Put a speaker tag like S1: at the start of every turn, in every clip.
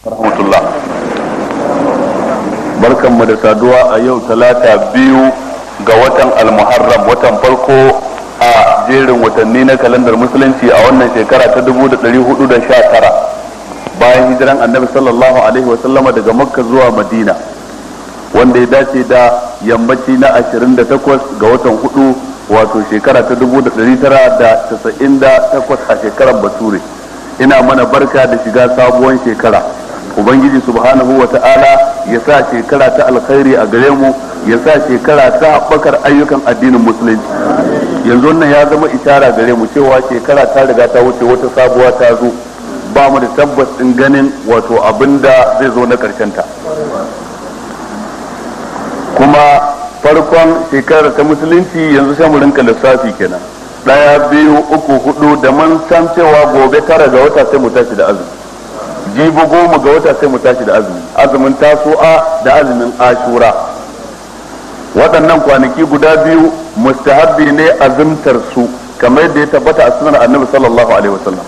S1: rahmatullah barkanmu da saduwa a yau talata biyu ga watan almuharram watan farko a jerin watanni na kalandar musulunci a wannan shekara ta 1419 bayan hijiran annabi sallallahu alaihi wasallama daga makka zuwa madina wanda ya dace da yammaci na 28 ga watan hudu wato shekara ta 1998 a shekarar bature ina mana barka da shiga sabuwar shekara ubangiji subhanahu wa ta'ala ya sa shekara ta alkhairi a gare mu ya sa shekara ta haɓakar ayyukan addinin musulunci yanzu wannan ya zama ishara gare mu cewa shekara ta riga ta wuce wata sabuwa ta zo ba mu da tabbas ɗin ganin wato abin da zai zo na karshen ta kuma farkon shekarar ta musulunci yanzu sai mu rinka lissafi kenan ɗaya biyu uku hudu da man san cewa gobe tara ga wata sai mu tashi da azumi jibo goma ga wata sai mu tashi da azumi azumin taso a da azumin ashura waɗannan kwanaki guda biyu mustahabbi ne azumtar su kamar yadda ya tabbata a sunan annabi sallallahu alaihi wasallam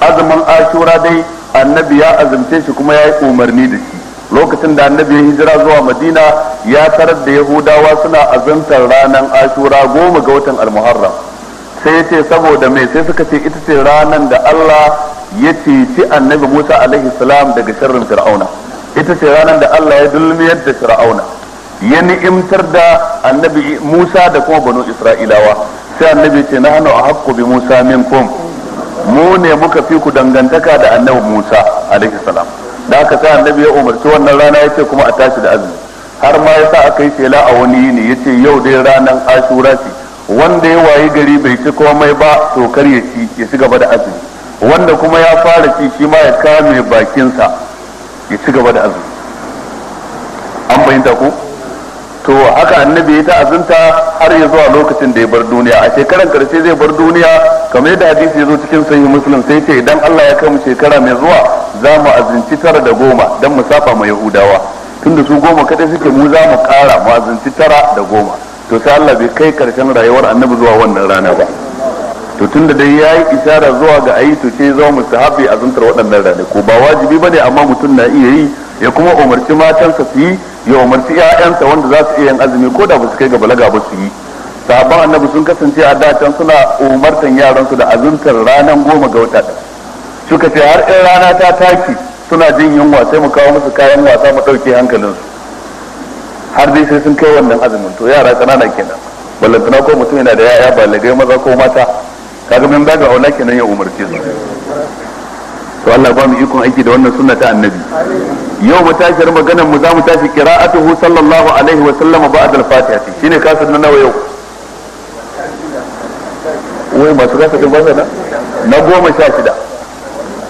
S1: azumin ashura dai annabi ya azumce shi kuma ya yi umarni da shi lokacin da annabi ya hijira zuwa madina ya tarar da yahudawa suna azumtar ranar ashura goma ga watan almuharram sai ya ce saboda mai sai suka ce ita ce ranar da allah ya ceci annabi Musa alaihi salam daga sharrin fir'auna ita ce ranar da Allah ya dulmiyar da fir'auna ya ni'imtar da annabi Musa da kuma banu Isra'ilawa sai annabi ce na hannu a haƙƙo bi Musa min kum mu ne muka fi ku dangantaka da annabi Musa alaihi salam da haka sai annabi ya umarci wannan rana ya ce kuma a tashi da azumi har ma ya sa aka yi shela a wani yini ya ce yau dai ranar ashura ce wanda ya wayi gari bai ci komai ba to kar ya ci ya ci gaba da azumi wanda kuma ya fara ci shi ma ya kame bakinsa ya ci gaba da azumi an fahimta ko to haka annabi ya ta azunta har ya zuwa lokacin da ya bar duniya a shekaran karshe zai bar duniya kamar yadda hadisi ya zo cikin sahih muslim sai ce idan Allah ya kai mu shekara mai zuwa za mu azunci tara da goma dan mu safa ma yahudawa tunda su goma kadai suke mu za mu kara mu azunci tara da goma to sai Allah bai kai karshen rayuwar annabi zuwa wannan rana ba to da dai yayi isharar zuwa ga ayi to sai zama mustahabi azumtar waɗannan ranaku ba wajibi ba ne amma mutum na iya yi ya kuma umarci matansa su yi ya umarci 'ya'yansa wanda za su iya yin azumi ko da ba su kai ga balaga ba su yi sahabban annabi sun kasance a da datan suna umartan yaransu da azuntar ranar goma ga wata suka ce har in rana ta taki suna jin yunwa sai mu kawo musu kayan wasa mu ɗauke hankalinsu har dai sai sun kai wannan azumin to yara ƙanana kenan ballantana ko mutum yana da yaya balagai maza ko mata kaga min babu aula kenan ya umarce su to Allah ba mu ikon aiki da wannan sunna ta annabi yau mu tashi maganar mu za mu tashi qira'atuhu sallallahu alaihi wa sallam ba'da al-fatiha shine kasar na nawa yau wai masu gasa din ba na na goma sha shida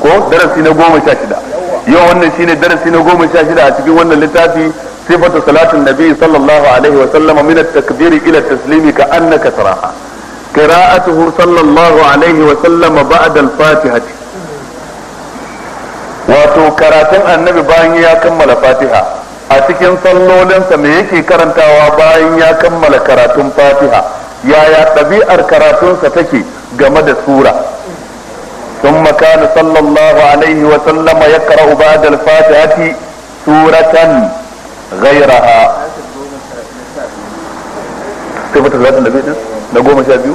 S1: ko darasi na goma sha shida yau wannan shine darasi na goma sha shida a cikin wannan littafi sifatu salatin nabi sallallahu alaihi wa sallam min at-takbir ila at-taslim ka annaka taraha قراءته صلى الله عليه وسلم بعد الفاتحة wato karatun annabi bayan ya kammala fatiha a cikin sallolinsa me yake karantawa bayan ya kammala karatun fatiha yaya ɗabi'ar karatunsa take game da sura ثم كان صلى الله عليه وسلم يقرأ بعد الفاتحة سورة غيرها. تبت na goma sha biyu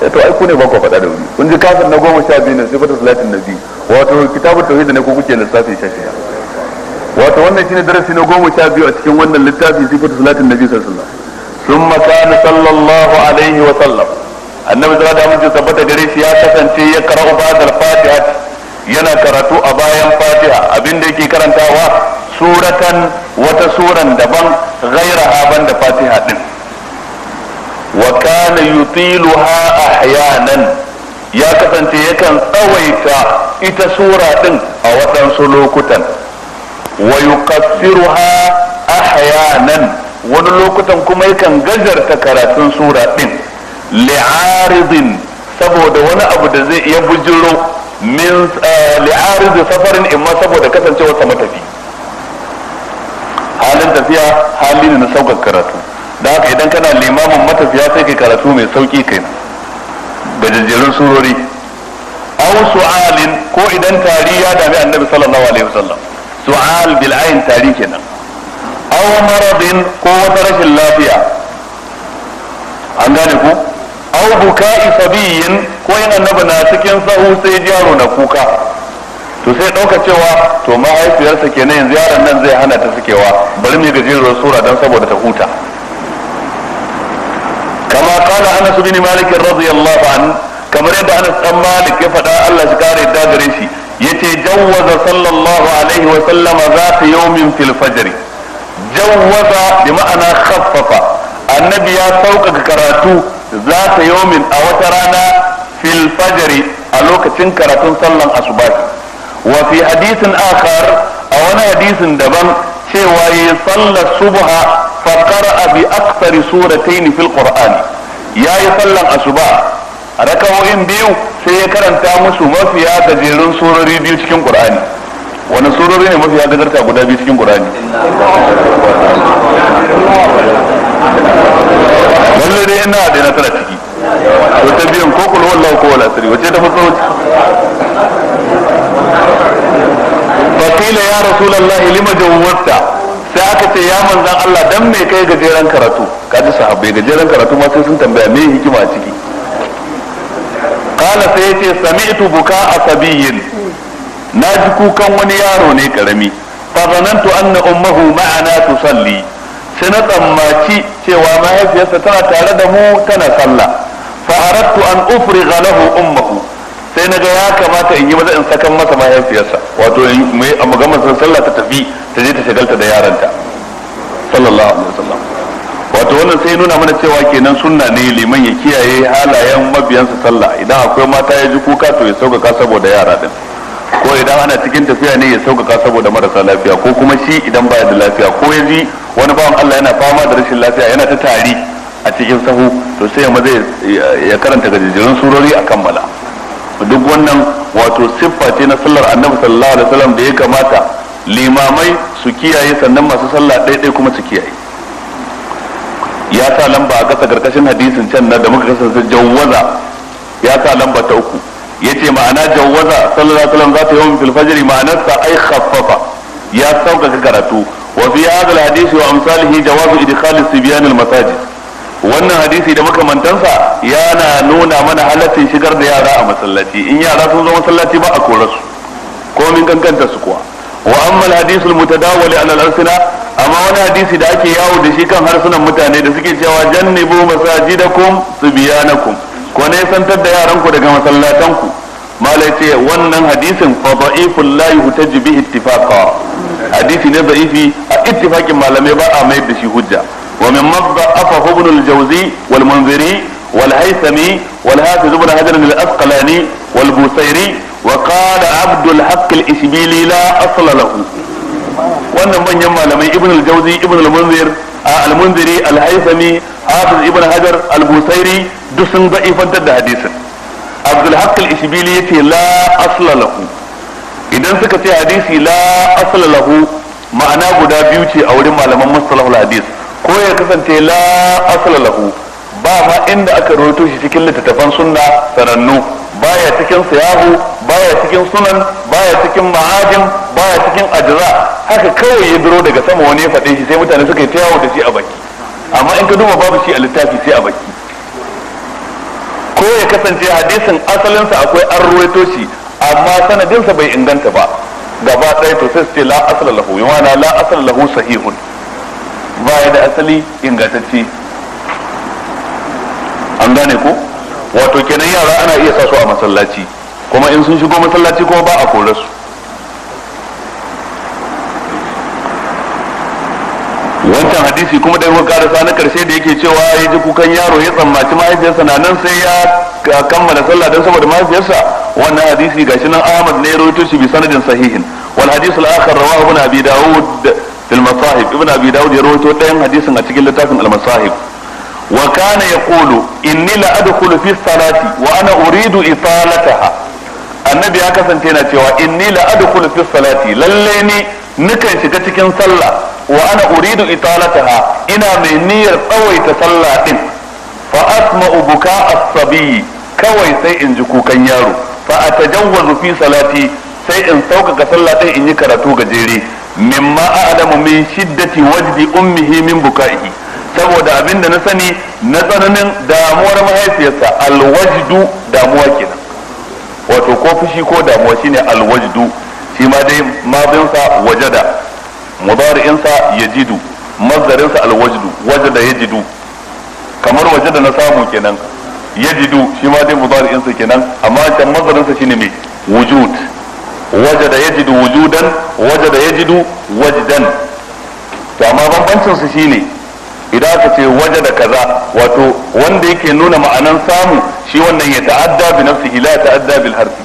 S1: eh, to ai ku ne ba ku faɗa da wuri kun ji kafin na goma sha biyu ne sifatu salatin biyu wato kitabut tauhid ne ko kuke lissafi sha shida wato wannan shine darasi na goma sha biyu a cikin wannan littafin sifatu salatin biyu sallallahu alaihi wasallam summa kana sallallahu alaihi wa sallam annabi zara da mun tabbata gare shi ya kasance ya karau ba'da al-fatiha yana karatu a bayan fatiha abinda yake karantawa suratan wata suran daban ghairaha da fatiha din wa kana yutiluha ahyanan ya kasance yakan tsawaita ita sura din a wadansu lokutan wa yuqassiruha ahyanan wani lokutan kuma yakan gajarta karatun sura din li'aridin saboda wani abu da zai iya bujiro min eh, safarin imma saboda kasancewa matafi halin tafiya hali ne na saukar karatu da haka idan kana limamin matafiya sai kai karatu mai sauki kai da jajjerun surori au su'alin ko idan tari ya dami annabi sallallahu alaihi wasallam su'al bil ayn tari kenan au maradin ko wata rashin lafiya an gane ku aw buka'i sabiyin ko yin annabi na cikin sahu sai jaro na kuka to sai dauka cewa to mahaifiyarsa kenan yanzu yaron nan zai hana ta sukewa bari mu gajeruwar sura don saboda ta huta kama qala Anas bin Malik radiyallahu anhu kamar yadda Anas dan Malik ya faɗa Allah shi kare da gare shi yace jawwaza sallallahu alaihi wa sallama zata yawmin fil fajr jawwaza da ma'ana kaffafa annabi ya sauƙaƙa karatu zata min a wata rana fil a lokacin karatun sallan asubar wa fi hadisin akhar a wani hadisin daban cewa ya sallar subha fa qara'a bi aktsari suratayn fil qur'ani yayi sallan asuba rakawoyin biyu sai ya karanta musu mafiya gajerun surori biyu cikin qur'ani wani surori ne mafiya gajarta guda biyu cikin qur'ani lalle dai ina da na tara ciki to ta biyan ko kul wallahu ko wala sari wace ta fasawo fa qila ya rasulullahi lima jawwabta sai aka ce ya manzan Allah dan me kai gajeren karatu ji sahabbai gajeren karatu ma sai sun tambaya me hikima ciki kala sai yace sami'tu buka asabiyin na ji kukan wani yaro ne karami fa zanantu anna ummuhu ma'ana tusalli sai na tsammaci cewa mahaifiyarsa tana tare da mu tana sallah fa aradtu an ufriga lahu ummuhu sai na ga ya kamata in yi maza in sakan masa mahaifiyarsa wato in yi amma sallah ta tafi ta je ta shagalta da yaranta sallallahu alaihi wasallam wato wannan sai nuna mana cewa kenan sunna ne liman ya kiyaye halayen mabiyansa sallah idan akwai mata ya ji kuka to ya sauƙaƙa saboda yara din ko idan ana cikin tafiya ne ya sauƙaƙa saboda marasa lafiya ko kuma shi idan baya da lafiya ko ya ji wani bawan Allah yana fama da rashin lafiya yana ta tari a cikin sahu to sai ya maza ya karanta gajejjerun surori a kammala duk wannan wato siffa ce na sallar annabi sallallahu alaihi wasallam da ya kamata limamai su kiyaye sannan masu sallah ɗaiɗai kuma su kiyaye ya sa lamba a ƙasa karkashin hadisin can na da muka kasance jawwaza ya sa lamba ta uku yace ma'ana jawwaza sallallahu alaihi wasallam yi yawmin filfajiri ma'anar ta, ai khaffafa ya sauƙaƙa karatu wa fi hadal hadisi wa amsalihi jawazu idkhal sibyan al masajid wannan hadisi da makamantansa yana nuna mana halaccin shigar da yara a masallaci in yara sun zo masallaci ba a kore su ko min kankanta su kuwa wa amma al mutadawali ala al-arsina amma wani hadisi da ake yawo da shi kan harsunan mutane da suke cewa jannibu masajidakum subyanakum ko ne santar da yaran ku daga masallatan ku malai ce wannan hadisin fa da'ifun la yuhtaj bihi ittifaqa hadisi ne da'ifi a ittifaqin malamai ba a mai da shi hujja ومن ضعفه ابن الجوزي والمنذري والهيثمي والحافظ ابن حجر الأسقلاني والبوسيري وقال عبد الحق الإشبيلي لا أصل له wannan manyan malamai ibn al-jawzi munziri al-haythami hafiz ibn hajar al-busairi duk sun da hadisin abdul yace la idan suka ce hadisi la asla lahu ma'ana guda biyu ce a wurin malaman mustalahul hadis ko ya kasance la asala lahu ba ma inda aka rawaito shi cikin littattafan sunna sanannu baya cikin siyahu baya cikin sunan baya cikin ma'ajin baya cikin ajra haka kawai ya biro daga sama wani ya faɗe shi sai mutane suka yi ta yawo da shi a baki amma in ka duba babu shi a littafi sai a baki ko ya kasance hadisin asalinsa akwai an ruwaito shi amma sanadinsa bai inganta ba gaba ɗaya to sai su ce la asala lahu yawana la asala lahu sahihun baya da asali ingantacce an gane ko wato kenan yara ana iya sa su a masallaci kuma in sun shigo masallaci kuma ba a kore su wancan hadisi kuma da muka karasa na karshe da yake cewa ya ji kukan yaro ya tsammaci mahaifiyarsa na nan sai ya kammala sallah don saboda mahaifiyarsa wannan hadisi gashi nan Ahmad ne rawaito shi bi sanadin sahihin wal hadisul akhar rawahu ibn abi daud fil masahib ibn abi daud ya rawaito ɗayan hadisin a cikin littafin al masahib wa kana yaqulu inni la adkhulu fi salati wa ana uridu annabi ya kasance na cewa inni la adkhulu fi salati lalle ni nukan shiga cikin sallah wa ana uridu italataha ina mai niyyar tsawaita sallah din fa asma'u buka as-sabi kawai sai in ji kukan yaro fa atajawwazu fi salati sai in sauƙaƙa sallah din in yi karatu gajere mimma a'lamu min shiddati wajdi ummihi min buka'ihi saboda abinda na sani na tsananin damuwar mahaifiyarsa alwajdu damuwa kenan wato ko fushi ko damuwa shine alwajdu shi ma dai mazinsa wajada mudari'insa yajidu mazdarinsa alwajdu wajada yajidu kamar wajada na samu kenan yajidu shi ma dai mudari'insa kenan amma can mazdarinsa shine mai wujud wajada yajidu wujudan wajada yajidu wajdan to amma bambancin su shine idan aka ce wajada kaza wato wanda yake nuna ma'anan samu shi wannan ya ta'adda bi nafsihi la ta'adda bil harfi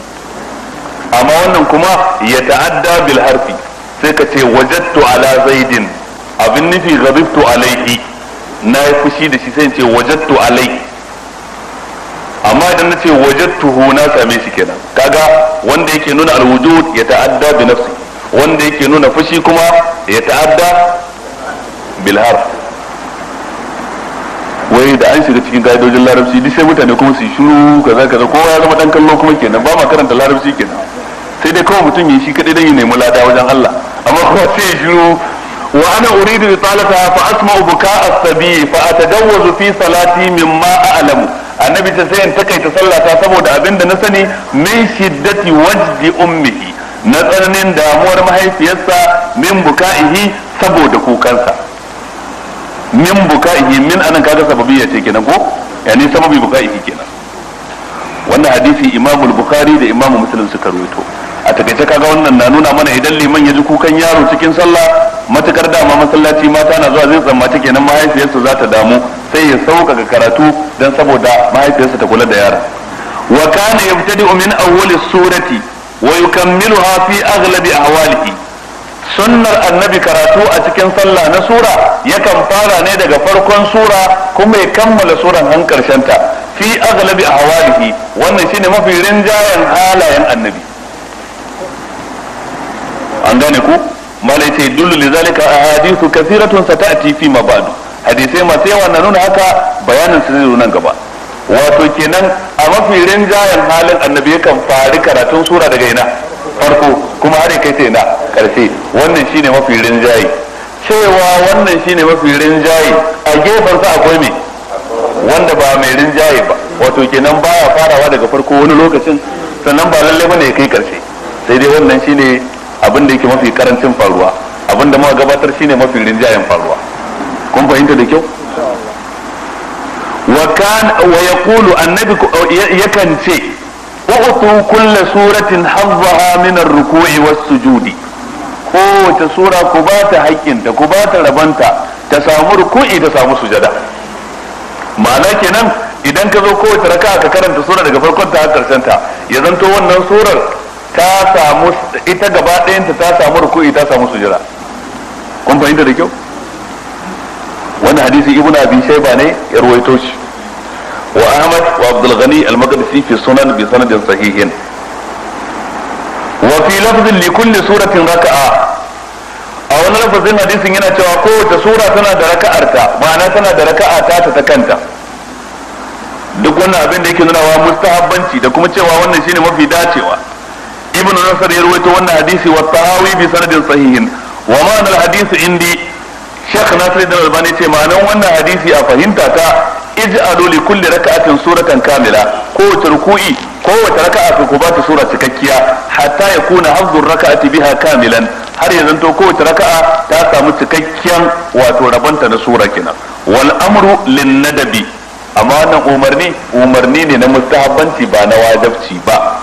S1: amma wannan kuma ya ta'adda bil harfi sai ka ce wajadtu ala zaidin abin nufi ghadibtu alaihi na yi fushi da shi sai ce wajadtu alaihi amma idan na nace wajadtuhu na same shi kenan kaga wanda yake nuna alwujud ya ta'adda bi nafsi wanda yake nuna fushi kuma ya ta'adda bil harf wai da an shiga cikin ka'idojin larabci duk sai mutane kuma su shiru kaza kaza kowa ya zama dan kallo kuma kenan ba ma karanta larabci kenan sai dai kawai mutum yi shi kadai dan ya nemi lada wajen Allah amma kuma sai shiru wa ana uridu italata fa asma'u buka'a sabi fa atajawwazu fi salati mimma a'lamu annabi ta sai in takaita sallata saboda abin da na sani min shiddati wajdi ummihi na tsananin damuwar mahaifiyarsa min buka'ihi saboda kukansa min buka'ihi min anan kaga ya ce kenan ko yani sababi buka'ihi kenan wannan hadisi imamul bukhari da imamu muslim suka rawaito a takaice kaga wannan na nuna mana idan liman ya ji kukan yaro cikin sallah matukar dama masallaci mata na zuwa zai tsammaci kenan mahaifiyarsa za ta damu sai ya sauƙaƙa karatu don saboda mahaifiyarsa ta kula da yara wa kana yabtadi'u min awwali surati wa yukammiluha fi aghlabi ahwalihi sunnar annabi karatu a cikin sallah na sura yakan fara ne daga farkon sura kuma ya kammala suran har karshen ta fi aghlabi ahwalihi wannan shine mafi rinjayen halayen annabi an gane ku malai ce dullu lidhalika ahadithu kathiratun sata'ti fi ma hadisai masu yawa na nuna haka bayanin su zai nan gaba wato kenan a mafi rinjayen halin annabi yakan fari karatun sura daga ina farko kuma har kai sai na karshe wannan shine mafi rinjaye cewa wannan shine mafi rinjaye a gefen sa akwai me wanda ba mai rinjaye ba wato kenan baya farawa daga farko wani lokacin sannan ba lalle bane ya kai karshe sai dai wannan shine abin da yake mafi karancin faruwa abin da muka gabatar shine mafi rinjayen faruwa kun fahimta da kyau wa kan wa yaqulu annabi yakan ce wa utu suratin hazzaha min ar-ruku'i was-sujudi ta sura ku ba ta haƙƙinta ku ba ta rabanta ta samu ruku'i ta samu sujada ma'ana kenan idan ka zo kowace raka ka karanta sura daga farkon ta karshen ta ya zanto wannan surar ta samu ita gaba ɗayanta ta samu ruku'i ta samu sujada kun fahimta da kyau wannan hadisi Ibn abi shayba ne ya ruwaito shi wa ahmad wa abdul ghani al maqdisi fi sunan bi sanadin sahihin wa fi lafzin li kulli suratin raka'a a wani lafazin hadisin yana cewa kowace sura tana da raka'arta ma'ana tana da raka'a ta ta kanta duk wannan abin da yake nuna wa mustahabbanci da kuma cewa wannan shine mafi dacewa Ibn nasar ya ruwaito wannan hadisi wa tahawi bi sanadin sahihin wa ma'anar hadisi indi Sheikh Nasir da Albani ce ma'anan wannan hadisi a fahimta ta iji li kulli raka'atin suratan kamila kowace ruku'i kowace raka'a to ku ba ta sura cikakkiya hatta ya kuna hafzur raka'ati biha kamilan har ya zanto kowace raka'a ta samu cikakken wato rabanta na sura kenan wal amru lin nadabi amma wannan umarni umarni ne na mustahabbanci ba na wadabci ba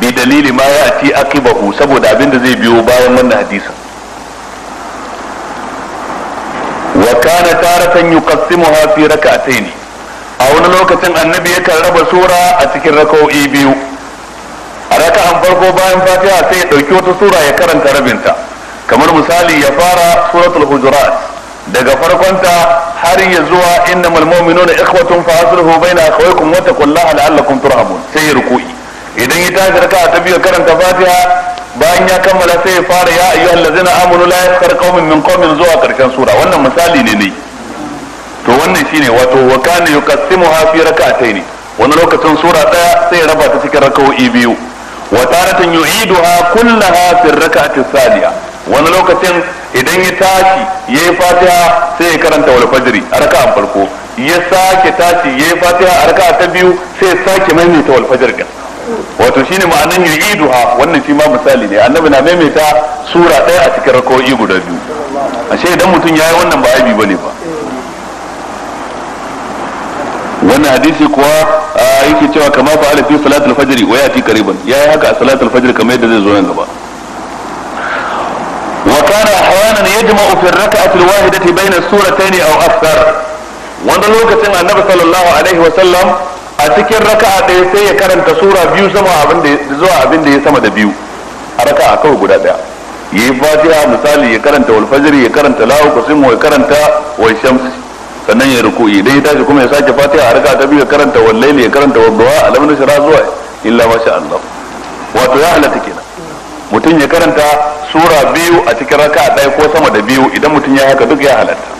S1: bi dalili ma ya ci akibahu saboda abin da zai biyo bayan wannan hadisin ta kana taratan yuqassimuha fi rak'atayn a wani lokacin annabi yakan raba sura a cikin raka'o'i biyu a raka'an farko bayan fatiha sai ya ɗauki wata sura ya karanta rabinta kamar misali ya fara suratul hujurat daga farkonta har ya zuwa innamal mu'minuna ikhwatun fa sulhu baina akhawaykum wa taqullaha la'allakum turhamun sai ya ruku'i idan ya tashi raka'a ta biyu karanta fatiha bayan ya kammala sai ya fara ya ayyuhal ladzina amanu la yaskhar qaumin min qaumin zuwa karshen sura wannan misali ne ne to wannan shine wato wa kana yuqassimuha fi rak'atayn wani lokacin sura daya sai ya raba ta cikin rak'o'i biyu wa taratan yu'iduha kullaha fi rak'ati thaniya wani lokacin idan ya tashi yayi fatiha sai ya karanta wal fajri a rak'an farko ya sake tashi yayi fatiha a rak'a ta biyu sai ya sake maimaita wal fajr din wato ne ma'anin yu'iduha wannan shi ma misali ne annabi na maimaita sura ɗaya a cikin rakoi guda biyu ashe idan mutum ya yi wannan ba aibi ne ba wannan hadisi kuwa yake cewa kama fa'ala fi salatul fajr wa yati qariban yi haka a salatul fajr kamar yadda zai zo nan gaba wa kana ahyanan yajma'u fi ar-rak'ati al-wahidati bayna as-suratayn aw akthar wannan lokacin annabi sallallahu alaihi wa sallam a cikin raka'a ɗaya sai ya karanta sura biyu sama abin da zuwa abin da ya sama da biyu a raka'a kawai guda ɗaya ya yi fatiha misali ya karanta wal ya karanta lahu qasim ya karanta wal shams sannan ya ruku'i idan ya tashi kuma ya sake fatiha a raka'a ta biyu ya karanta wal layli ya karanta wal duha alam nashra zuwa illa masha Allah wato ya halatta kenan mutum ya karanta sura biyu a cikin raka'a ɗaya ko sama da biyu idan mutum ya haka duk ya halatta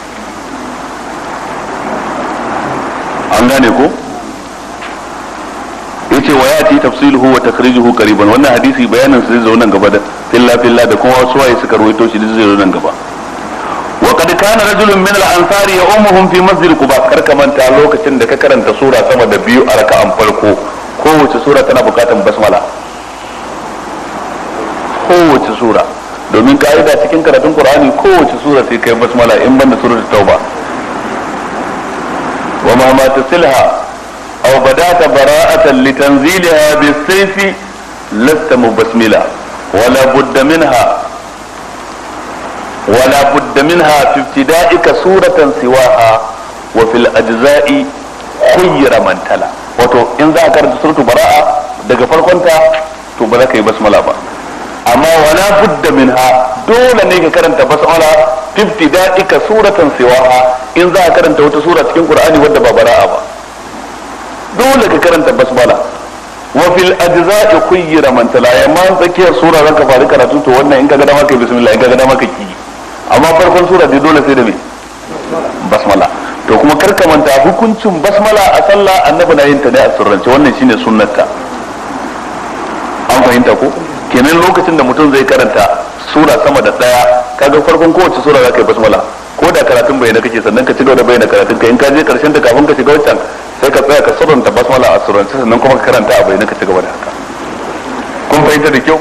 S1: an gane ko ce wa ya yati tafsiluhu wa takhrijuhu qariban wannan hadisi bayanin su zai zo nan gaba da filla filla da kuma wasu waye suka rawaito shi zai zo nan gaba wa qad kana rajulun min al-ansar ya'umuhum fi masjid quba karkamanta lokacin da ka karanta sura sama da biyu a raka'an farko kowace sura tana bukatan basmala kowace sura domin ka'ida cikin karatun qur'ani kowace sura sai kai basmala in banda suratul tauba wa ma ma tasilha أو بدأت براءة لتنزيلها بالسيف لست مبسملا ولا بد منها ولا بد منها في ابتدائك سورة سواها وفي الأجزاء خير من تلا وتو إن ذاكرت سورة براءة دقفر كنت تبرك بسملا با أما ولا بد منها دون ان كرنت بسملا في ابتدائك سورة سواها إن ذاكرت سورة في القرآن ودب براءة dole ka karanta basmala wa fil ajza'i kuyyira man tala amma tsakiyar sura zan ka fara karatu to wannan in ka ga dama kai bismillah in ka ga dama kai ki amma farkon sura dai dole sai da me basmala to kuma kar ka manta hukuncin basmala a sallah annabi na yin ta ne a surrance wannan shine sunnarta an fahimta ko kenan lokacin da mutum zai karanta sura sama da daya kaga farkon kowace sura zaka yi basmala ko da karatun bayyana kake sannan ka ci gaba da bayyana karatun ka in ka je karshen ta kafin ka shiga wancan sai ka tsaya ka surunta basmala a surunta sannan kuma ka karanta a bayyana ka ci gaba da haka kun fahimta da kyau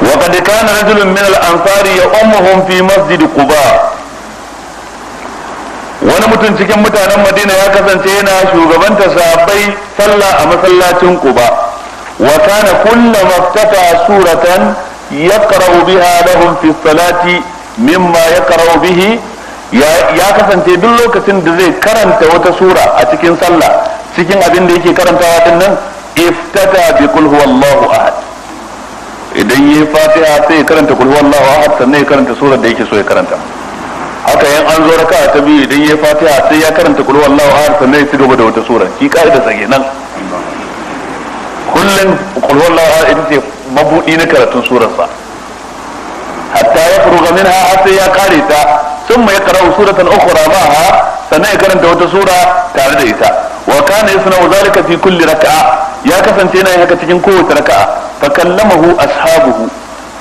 S1: وقد كان رجل من الأنصار يؤمهم في مسجد قباء wani mutum cikin mutanen madina ya kasance yana shugabanta sahabbai sallah a masallacin quba wa kana kullu maftata suratan yaqra'u biha lahum fi salati mimma yaqra'u bihi ya kasance duk lokacin da zai karanta wata sura a cikin sallah cikin abin da yake karantawa din nan iftata bi kul huwallahu ahad idan yi fatiha sai ya karanta kul huwallahu ahad sannan ya karanta sura da yake so ya karanta haka yan an zo raka'a ta biyu idan yi fatiha sai ya karanta kul huwallahu ahad sannan ya ci gaba da wata sura ki kaida tsage nan kullum kul huwallahu ahad ita ce mabudi na karatun surar sa hatta ya furuga minha sai ya kare ta mai ثم يقرأ سورة أخرى معها sannan ya karanta wata sura tare da ita wa kana yasna zalika fi kulli raka'a ya kasance yana haka cikin kowace raka'a fa kallamahu ashabuhu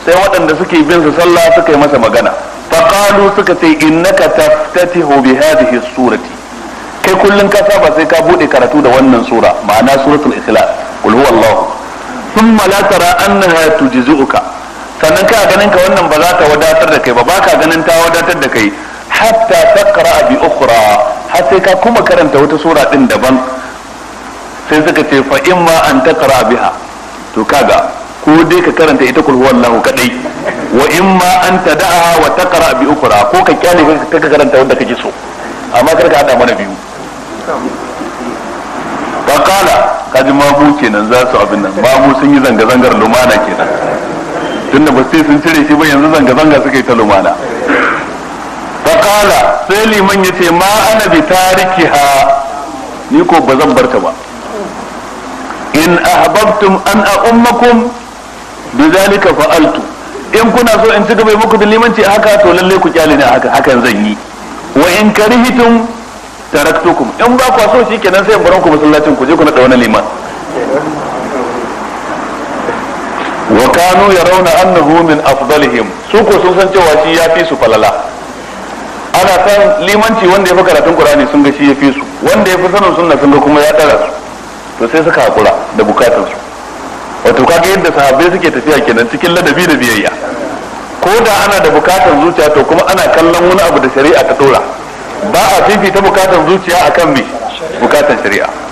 S1: sai waɗanda suke bin sa sallah suka yi masa magana fa qalu suka ce innaka taftatihu bi hadhihi surati kai kullum ka saba sai ka bude karatu da wannan sura ma'ana suratul ikhlas qul huwallahu thumma la tara annaha tujzi'uka sannan ka ganin ka wannan ba za ta wadatar da kai ba baka ganin ta wadatar da kai hatta taqra bi ukhra har sai ka kuma karanta wata sura din daban sai suka ce fa in ma an taqra biha to kaga ko dai ka karanta ita kul huwallahu kadai wa in ma an tada'a wa taqra bi ukhra ko ka kyale ka karanta wanda kake so amma kar ka hada mana biyu fa qala kaji mabu kenan za su abin nan mabu sun yi zanga zangar lumana kenan da ba sai sun cire shi ba yanzu zanga zanga suka yi ta lumana faqala sai liman ya ma ana bi tarikiha ni ko ba zan barta ba in ahbabtum an a'ummakum bidhalika fa'altu in kuna so in ci gaba muku da limanci haka to lalle ku kyale ne haka hakan zan yi wa in karihitum taraktukum in ba ku so shikenan sai in bar ku masallacin ku je ku na liman wa kanu yarawna annahu min afdalihim su ko sun san cewa shi ya fi su falala ana san limanci wanda ya fi karatun qur'ani sun ga shi ya fi su wanda ya fi sanin sunna sun ga kuma ya tsara su to sai suka hakura da bukatun su wato kaga yadda sahabbai suke tafiya kenan cikin ladabi da biyayya ko da ana da bukatan zuciya to kuma ana kallon wani abu da shari'a ta dora ba a fifita bukatan zuciya akan mi bukatan shari'a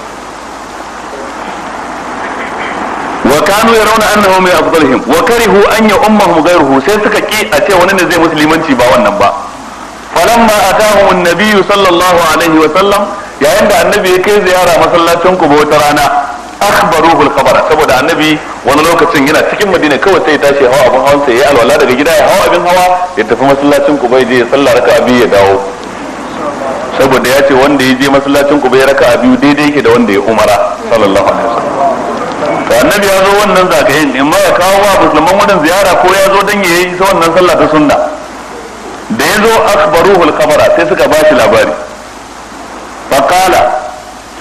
S1: kanu ya rauna annahu min afdalihim wa karihu an ya ummahum ghayruhu sai suka ki a ce wani ne zai musulmanci ba wannan ba falamma atahum an-nabiy sallallahu alaihi wa sallam yayin da annabi ya kai ziyara masallacin ku wata rana akhbaruhu al-khabara saboda annabi wani lokacin yana cikin madina kawai sai ya tashi hawa abin hawan sai ya alwala daga gida ya hawa abin hawa ya tafi masallacin ku bai je ya sallar raka'a biyu ya dawo saboda ya ce wanda ya je masallacin ku bai raka'a biyu daidai yake da wanda ya umara sallallahu alaihi wasallam to annabi ya zo wannan zagayen in ma kawo wa musulman wurin ziyara ko ya zo dan yayi ita wannan sallah ta sunna da ya zo akhbaruhu al-khabara sai suka ba shi labari faqala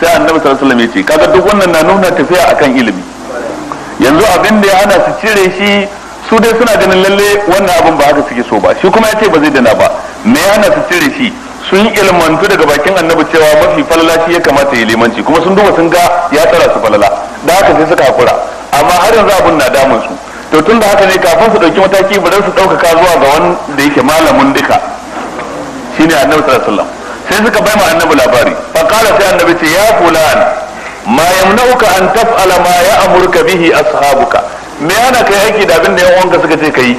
S1: sai annabi sallallahu alaihi wasallam ya ce kaga duk wannan na nuna tafiya akan ilimi yanzu abin da ya ana su cire shi su dai suna ganin lalle wannan abin ba haka suke so ba shi kuma ya ce ba zai dana ba me ya hana su cire shi sun ilmantu daga bakin annabi cewa mafi falala shi ya kamata ya limanci kuma sun duba sun ga ya tsara su falala da haka sai suka hakura amma har yanzu abun na damun su to tun da haka ne kafin su dauki mataki ba su daukaka zuwa ga wanda yake malamin duka shine annabi sallallahu alaihi wasallam sai suka bai ma annabi labari fa qala sai annabi ce ya fulan ma yamna'uka an taf'ala ma ya'muruka bihi ashabuka me yana kai aiki da abin da yan uwanka suka ce kai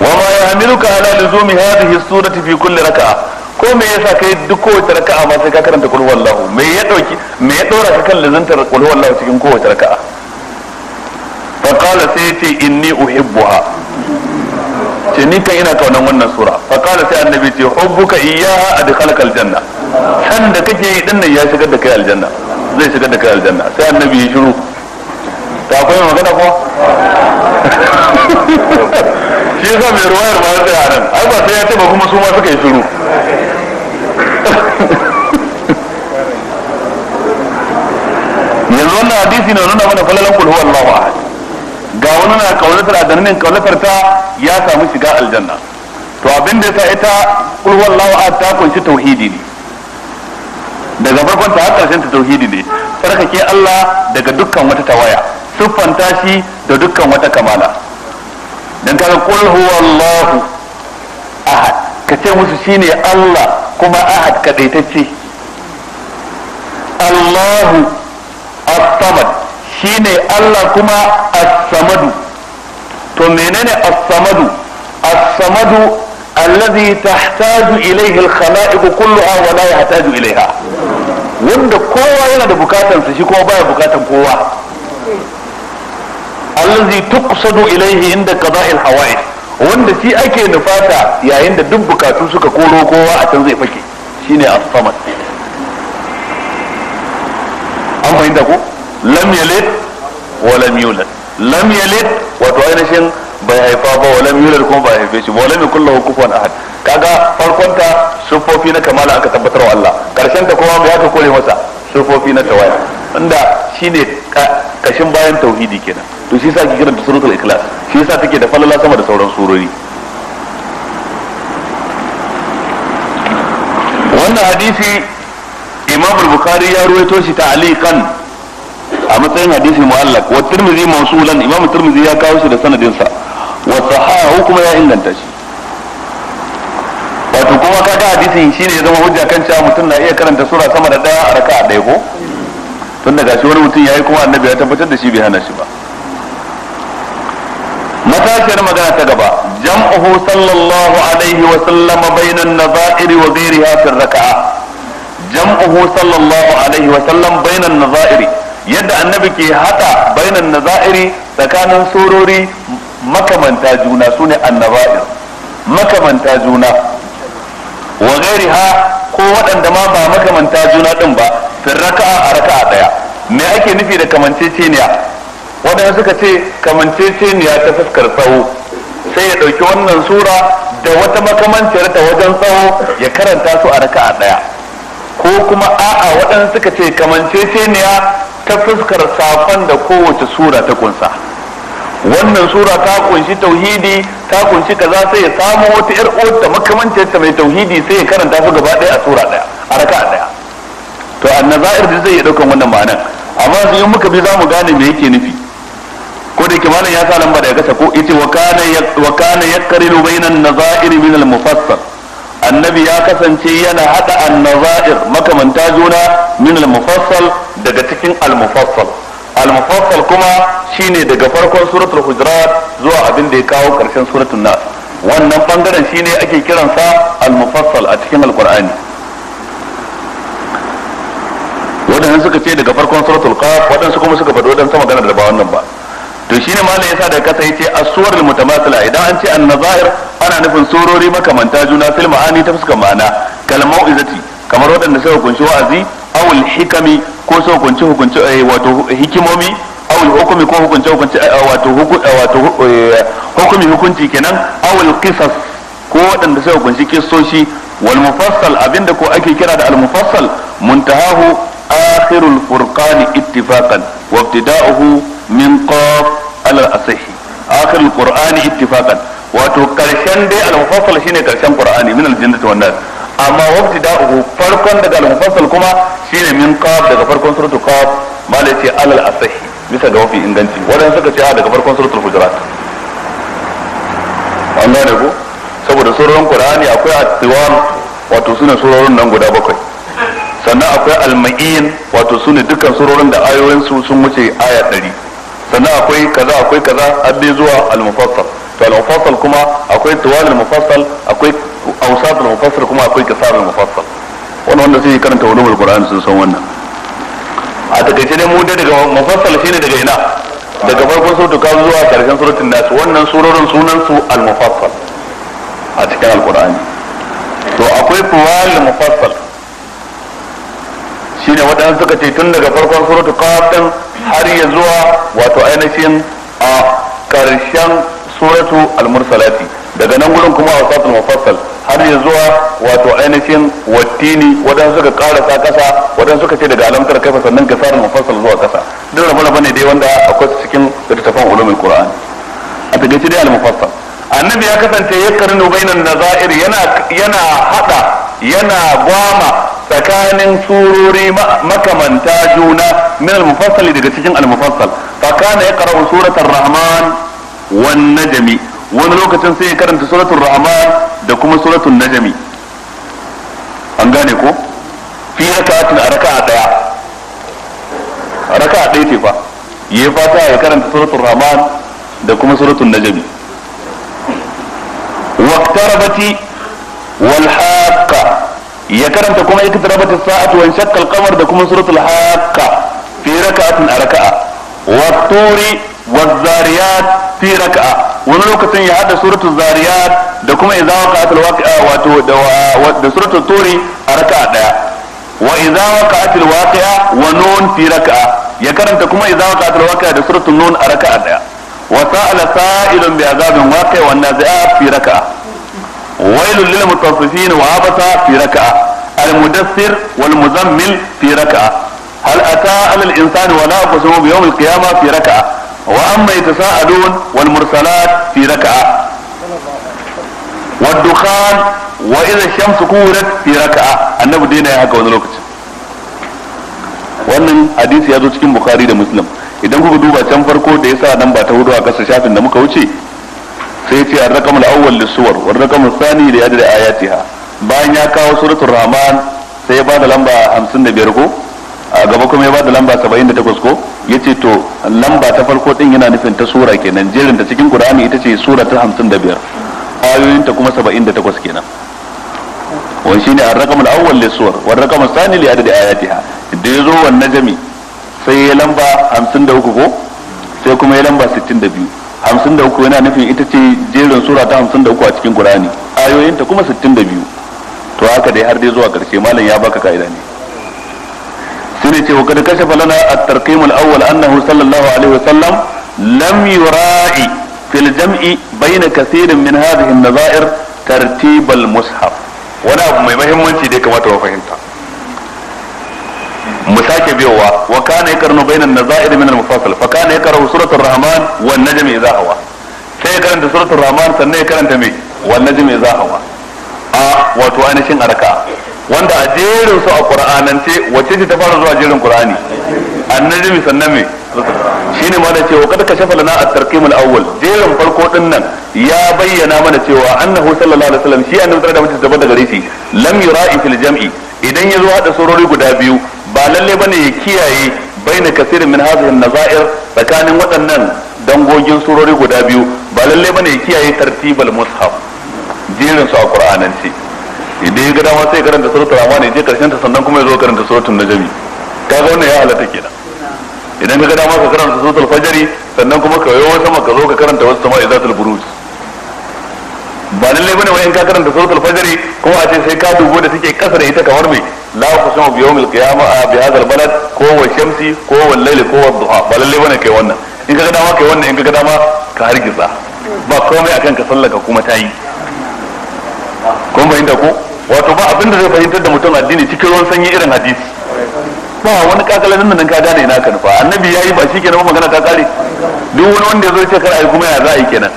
S1: wa ma ya'miluka ala luzumi hadhihi surati fi kulli raka'a ko me yasa kai duk kowace raka'a ma sai ka karanta kul wallahu me ya dauki me ya dora ka kan lazantar kul wallahu cikin kowace raka'a fa qala sai yace inni uhibbuha ce ni kan ina kaunan wannan sura fa qala sai annabi ce hubbuka iyyaha adkhalaka aljanna san da kake yi dinnan ya shigar da kai aljanna zai shigar da kai aljanna sai annabi ya shiru ta akwai magana ko shi yasa mai ruwa ma ya tsaya nan ai ba sai ya taba kuma su ma suka yi shiru yanzu wannan hadisi na nuna mana falalan kulhu Allahu ahad ga wani na kaulatar adannin kaulatar ta ya samu shiga aljanna to abin da sa ita kulhu Allahu ahad ta kunshi tauhidi ne daga farkon ta har karshen ta tauhidi ne tsarkake Allah daga dukkan wata tawaya siffanta shi da dukkan wata kamala dan kul huwa Allah ahad ka ce musu shine Allah kuma ahad ce Allahu as-samad shine Allah kuma as samad to menene as samad as tahtaju ilayhi al-khalaiq kulluha wa la yahtaju ilayha wanda kowa yana da bukatansa shi kuma baya bukatan kowa allazi tuqsadu ilayhi inda qada'il hawa'id wanda shi ake nufata yayin da duk bukatu suka koro kowa a can zai fake shine as-samad an fahimta ko lam yalid wa lam yulad lam yalid wato ainihin bai haifa ba wa lam yulad kuma bai haife shi ba lam yakul kufuwan ahad kaga farkonta sufofi na kamala aka tabbatar wa Allah karshen ta kowa bai aka kore masa sufofi na tawaya inda shine kashin bayan tauhidi kenan to shi sa ake kiranta suratul ikhlas shi sa take da falala sama da sauran surori wannan hadisi imam bukhari ya ruwaito shi ta'liqan a matsayin hadisi mu'allaq wa tirmidhi mawsulan imam tirmidhi ya kawo shi da sanadin sa wa sahahu kuma ya inganta shi wato kuma kaga hadisin shi ya zama hujja kan cewa mutum na iya karanta sura sama da daya a raka'a daya ko tun daga shi wani mutum yayi kuma annabi ya tabbatar da shi bai hana shi ba matashiyar magana ta gaba jam'uhu sallallahu alaihi wa sallama bainan nazairi wa ghairiha fi raka'a jam'uhu sallallahu alaihi wa sallam bainan nazairi yadda annabi ke hada bainan nazairi tsakanin surori makamanta juna sune annabair makamanta juna wa ha ko waɗanda ma ba makamanta juna din ba fi raka'a a raka'a daya me ake nufi da kamanceceniya waɗanda suka ce kamanceceniya ta fuskar tsawo sai ya ɗauki wannan sura da wata makamanciyar ta wajen tsawo ya karanta su a raka a ɗaya ko kuma a'a waɗanda suka ce kamanceceniya ta fuskar safon da kowace sura ta kunsa wannan sura ta kunshi tauhidi ta kunshi kaza sai ya samu wata yar ta makamanciyar ta mai tauhidi sai ya karanta su gaba ɗaya a sura ɗaya a raka a ɗaya to annazair zai iya ɗaukan wannan ma'anar amma yi muka bi za mu gane me yake nufi ko da yake malam ya sa lamba daga gasa ko ita wa kana wa kana yakrilu bainan nazair min al mufassal annabi ya kasance yana hada an nazair makamanta juna min al mufassal daga cikin al mufassal al mufassal kuma shine daga farkon suratul hujurat zuwa abin da ya kawo karshen suratul nas wannan bangaren shine ake kiransa al mufassal a cikin al qur'ani waɗansu suka ce daga farkon suratul qaf waɗansu kuma suka faɗi waɗansu magana da ba wannan ba to shine ma yasa da kasa yace as-suwarul mutamathila idan an ce an-nazair ana nufin surori makamanta juna fil ma'ani ta fuskar ma'ana kal mau'izati kamar waɗanda suka kunshi wa'azi aw hikami ko suka kunshi hukunci eh, wato hikimomi aw hukumi ko hukunci hukunci eh, wato eh, wato hukumi hukunci kenan aw al-qisas ko waɗanda suka kunshi kissoshi wal mufassal abinda ko ake kira da al mufassal muntahahu akhirul furqani ittifaqan wa ibtida'uhu min qaf alal asahi akhir alqur'ani ittifaqan wato karshen dai al-mufassal shine karshen qur'ani min al-jinnati wan nas amma wabtida'uhu farkon daga al-mufassal kuma shine min qaf daga farkon suratul qaf malai ce alal asahi bisa ga wafi inganci wadanda suka ce daga farkon suratul hujurat an gane ko saboda surorin qur'ani akwai at-tiwan wato sune surorin nan guda bakwai sannan akwai al-ma'in wato sune dukkan surorin da ayoyin su sun wuce aya 100 sannan akwai kaza akwai kaza har dai zuwa al-mufassal to al-mufassal kuma akwai tuwal al-mufassal akwai awsat al-mufassal kuma akwai qisar al-mufassal wannan wanda sai karanta wani ulumul qur'an sun san wannan a takaice dai mu daga mufassal shine daga ina daga farkon suratul kaf zuwa karshen suratul nas wannan surorin sunan su al-mufassal a cikin al-qur'ani to akwai tuwal al-mufassal shine wadanda suka ce tun daga farkon suratul kaf din har ya zuwa wato ainihin a ƙarshen suratu al-mursalati daga nan gurin kuma a satul mufassal har ya zuwa wato ainihin wattini wadan suka karasa kasa wadan suka ce daga alamtar kafa sannan ka sarar mufassal zuwa kasa duk rabu rabu ne dai wanda akwai cikin littattafan ulumul qur'ani a takaice dai al-mufassal annabi ya kasance ya karnu bainan nazair yana yana hada yana gwama tsakanin surori makamanta juna min al-mufassal daga cikin al-mufassal fa kana yaqra'u suratul rahman wan najmi wani lokacin sai ya karanta suratul rahman da kuma suratul najmi an gane ko fi raka'atin a raka'a daya raka'a daya ce fa yayi fata ya karanta suratul rahman da kuma suratul najmi waqtarabati wal haqqa ya karanta kuma ya kitara bata sa'atu wa shakkal kamar da kuma suratul haqqa fi raka'atin a raka'a wa turi wa zariyat fi raka'a wani lokacin ya hada suratul zariyat da kuma idza waqa'atil waqi'a wato da suratul turi a raka'a daya wa idza waqa'atil waqi'a wa nun fi raka'a ya karanta kuma idza waqa'atil waqi'a da suratul nun a raka'a daya wa sa'ala sa'ilun bi azabin waqi'a wan nazi'at fi raka'a wailul lil mutaffifin wa abasa fi raka'a al mudaththir wal muzammil fi raka'a hal ata al insani wa la aqsimu bi yawm al qiyamah fi raka'a wa amma yatasaalun wal mursalat fi raka'a والدخان وإذا الشمس كورت في ركعة wani lokacin. wannan hadisi ya zo cikin bukhari da muslim idan kuka duba can farko da ya sa nan ba ta hudu a kasa shafin da muka wuce sai ce ar-raqam al-awwal lis-suwar wa ar-raqam thani li adad ayatiha bayan ya kawo suratul rahman sai ya bada lamba 55 ko a gaba kuma ya bada lamba 78 ko yace to lamba ta farko din yana nufin ta sura kenan jerin da cikin qur'ani ita ce suratul 55 ayoyin ta kuma 78 kenan wani shine ar-raqam al-awwal lis-suwar wa ar-raqam thani li adad ayatiha da yazo wannan jami sai ya lamba 53 ko sai kuma ya lamba 62 hamsin da uku yana nufin ita ce jerin sura ta hamsin da uku a cikin ƙurani ayoyinta kuma sittin da biyu to haka dai har dai zuwa karshe malam ya baka ka'ida ne sai ne ce wa kada kashe lana a tarqim al-awwal annahu sallallahu alaihi wa sallam lam yura'i fil jam'i bayna kaseerin min hadhihi an-nazair mushaf wani abu mai muhimmanci da kamata mu fahimta mu sake biyowa wa kana yaqranu bainan nazair min al-mufassal fa kana yaqra'u suratul sai ya karanta suratul rahman sannan ya karanta me wan najmi idha hawa a wato ainihin arka wanda a jerin su a qur'anance wace ce ta fara zuwa jerin qur'ani an-najmi sannan me shine ma da cewa kad kashafa lana at-tarqim al-awwal jerin farko din nan ya bayyana mana cewa annahu sallallahu alaihi wasallam shi annabi da mutum da gare shi lam yura'i fil jam'i idan ya zo hada surori guda biyu ba lalle bane ya kiyaye baina kasirin min hadhihi an-nazair tsakanin waɗannan dangogin surori guda biyu ba lalle bane ya kiyaye tartibal mushaf jerin su a ce idan ya gada dama sai karanta suratul rahman ya je karshen ta sannan kuma ya zo karanta suratul najmi kaga wannan ya halatta kenan idan ka gada dama ka karanta suratul fajr sannan kuma ka yi wata maka zo ka karanta wasu sama'i zatul buruj ba lalle bane wayan ka karanta suratul fajr ko a ce sai ka dubo da take kasa da ita kamar mai la uqsimu bi yawmil qiyama a bi hadal balad ko wa shamsi ko wal layli ko wa duha ba lalle bane kai wannan in ka ga dama kai wannan in ka ga dama ka hargitsa ba komai akan ka sallaka kuma tayi kun fahimta ko wato ba abinda zai fahimtar da mutum addini cikin ruwan sanyi irin hadisi ba wani kakalan nan ka gane ina ka nufa annabi yayi ba shi kenan magana ta kare duk wani wanda ya zo ya ce kar ai kuma ya za a yi kenan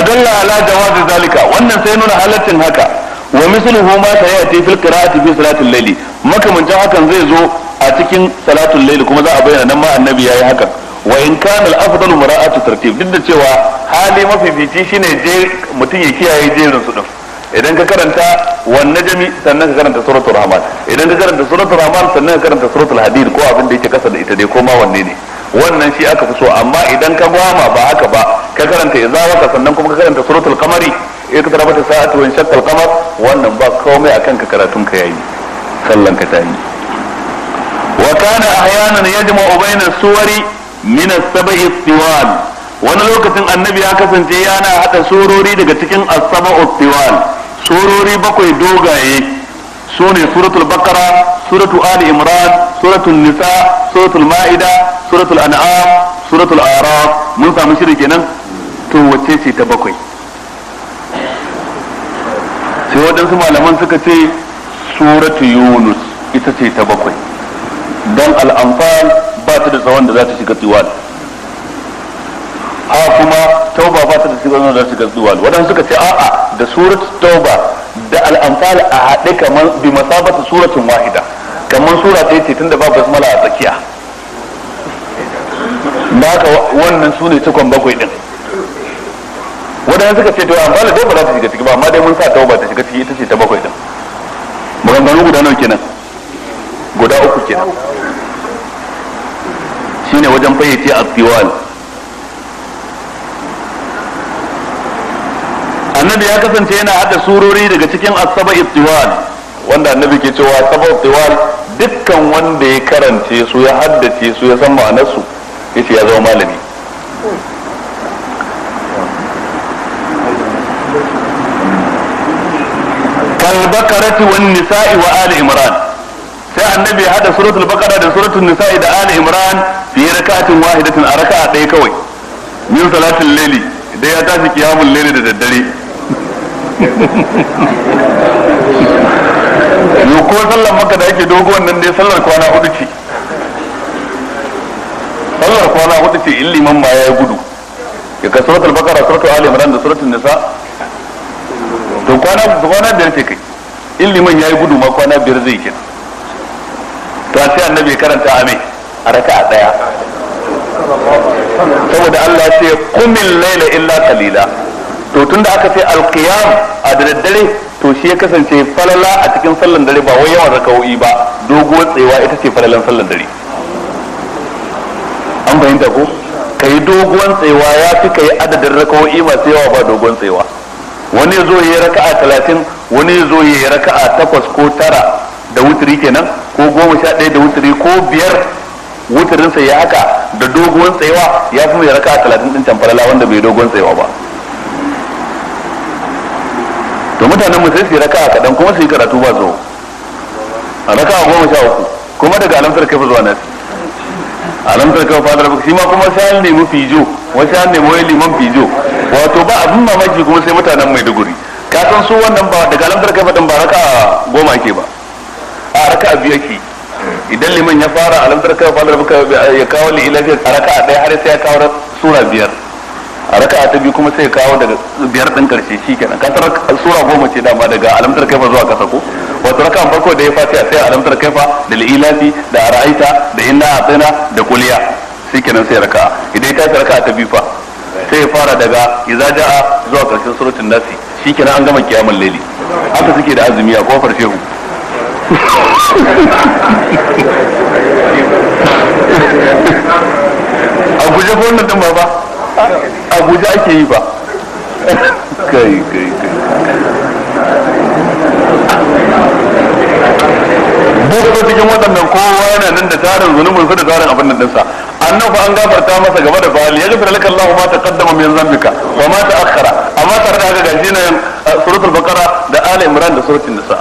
S1: fadalla ala jawazi zalika wannan sai nuna halaccin haka wa misluhu ma sayati fil qira'ati fi salatil layli makamancin hakan zai zo a cikin salatul layli kuma za a bayyana nan ma annabi yayi haka wa in kana al afdalu mura'atu tartib duk da cewa hali mafifici shine je mutum ya kiyaye jerin su din idan ka karanta wan najmi sannan ka karanta suratul rahman idan ka karanta suratul rahman sannan ka karanta suratul hadid ko abin da yake kasa da ita dai ko ma wanne ne wannan shi aka fi so amma idan ka gwama ba haka ba ka karanta izawaka sannan kuma ka karanta suratul kamari ya ka tarafata sa'atu wani shakkal kamar wannan ba komai akan ka karatun ka yayi sallan ka tani wa kana ahyanan yajma'u bayna suwari min as-sab'i wani lokacin annabi ya kasance yana haɗa surori daga cikin as-sab'u tiwal surori bakwai dogaye su ne suratul bakara suratul ali imran suratul nisa suratul ma'ida suratul an'am suratul araf mun samu shirin kenan to wace ce ta bakwai sai waɗansu malaman suka ce suratu yunus ita ce ta bakwai don al'amfal ba ta da tsawon da za ta shiga tsiwal ha kuma tauba ba ta da tsawon da za ta shiga tsiwal waɗansu suka ce a'a da suratu tauba da al'amfal a haɗe kamar bi masabata suratun wahida kamar sura ta ce tunda ba basmala a tsakiya Ba ka wannan su ne cikon bakwai din wadanda suka ce to amfala dai ba za ta shiga ciki ba amma dai mun sa tauba ta shiga ciki ita ce ta bakwai din maganganu guda nawa kenan guda uku kenan shine wajen fayyace a tsiwal annabi ya kasance yana hada surori daga cikin asaba ittiwal wanda annabi ke cewa asaba ittiwal dukkan wanda ya karance su ya haddace su ya san ma'anar su yace ya zama malami kalbakarati wan nisa'i wa ali imran sai annabi ya hada suratul baqara da suratul nisa'i da ali imran fi rak'atin wahidatin a raka'a ɗaya kawai min salatul layli da ya tashi qiyamul layli da daddare yau ko sallar maka da yake dogo wannan dai sallar kwana hudu ce sallar kwana hudu ce in liman ba ya gudu ya ka suratul bakara suratul ali imran da suratul nisa to kwana kwana biyar ce kai in liman ya yi gudu ma kwana biyar zai kin ta sai annabi karanta amin a raka'a daya saboda Allah ya ce qumil layla illa qalila to tun da aka ce alqiyam a daddare to shi ya kasance falala a cikin sallan dare ba wai yawan rakawoyi ba doguwar tsayawa ita ce falalan sallan dare an fahimta ko kai doguwar tsayawa ya fi kai adadin rakawoyi masu yawa ba doguwar tsayawa wani ya zo ya yi raka'a talatin wani ya zo ya yi raka'a takwas ko tara da wuturi kenan ko goma sha ɗaya da wuturi ko biyar wuturinsa ya haka da doguwar tsayawa ya fi mai raka'a talatin ɗin can falala wanda bai doguwar tsayawa ba to mutanen mu sai su yi raka'a kadan kuma su yi karatu ba zo a raka'a goma sha uku kuma daga alamsar kafa zuwa nasi alamsar kafa fadar ba shi ma kuma sai shan nemi fijo wani shan nemi wani liman fijo wato ba abin mamaki kuma sai mutanen mai duguri ka san su wannan ba daga alamsar kafa din ba raka'a goma ke ba a raka'a biyu ake idan liman ya fara alamsar kafa fadar baka ya kawo lilafi a raka'a ɗaya har sai ya kawo sura biyar a raka'a ta biyu kuma sai kawo daga biyar din karshe shikenan ka tar sura goma ce dama daga alamtar kaifa zuwa kasa ko wato raka farko da ya a sai alamtar kaifa da lilafi da ra'aita da inna atina da kuliya shikenan sai raka idan ta raka ta biyu fa sai fara daga idza jaa zuwa karshen suratul nasi shikenan an gama kiyamul laili haka suke da azumi a kofar shehu a guje ko wannan din ba abuja ke yi ba kai kai kai duk cikin waɗannan kowa yana nan da tarin zunubinsa da tarin abin nan sa annabi an gafarta masa game da bali ya gafara laka Allahu ma taqaddama min zambika wa ma ta'akhkhara amma tare da haka gashi na eh, suratul baqara da ali imran da suratul nisa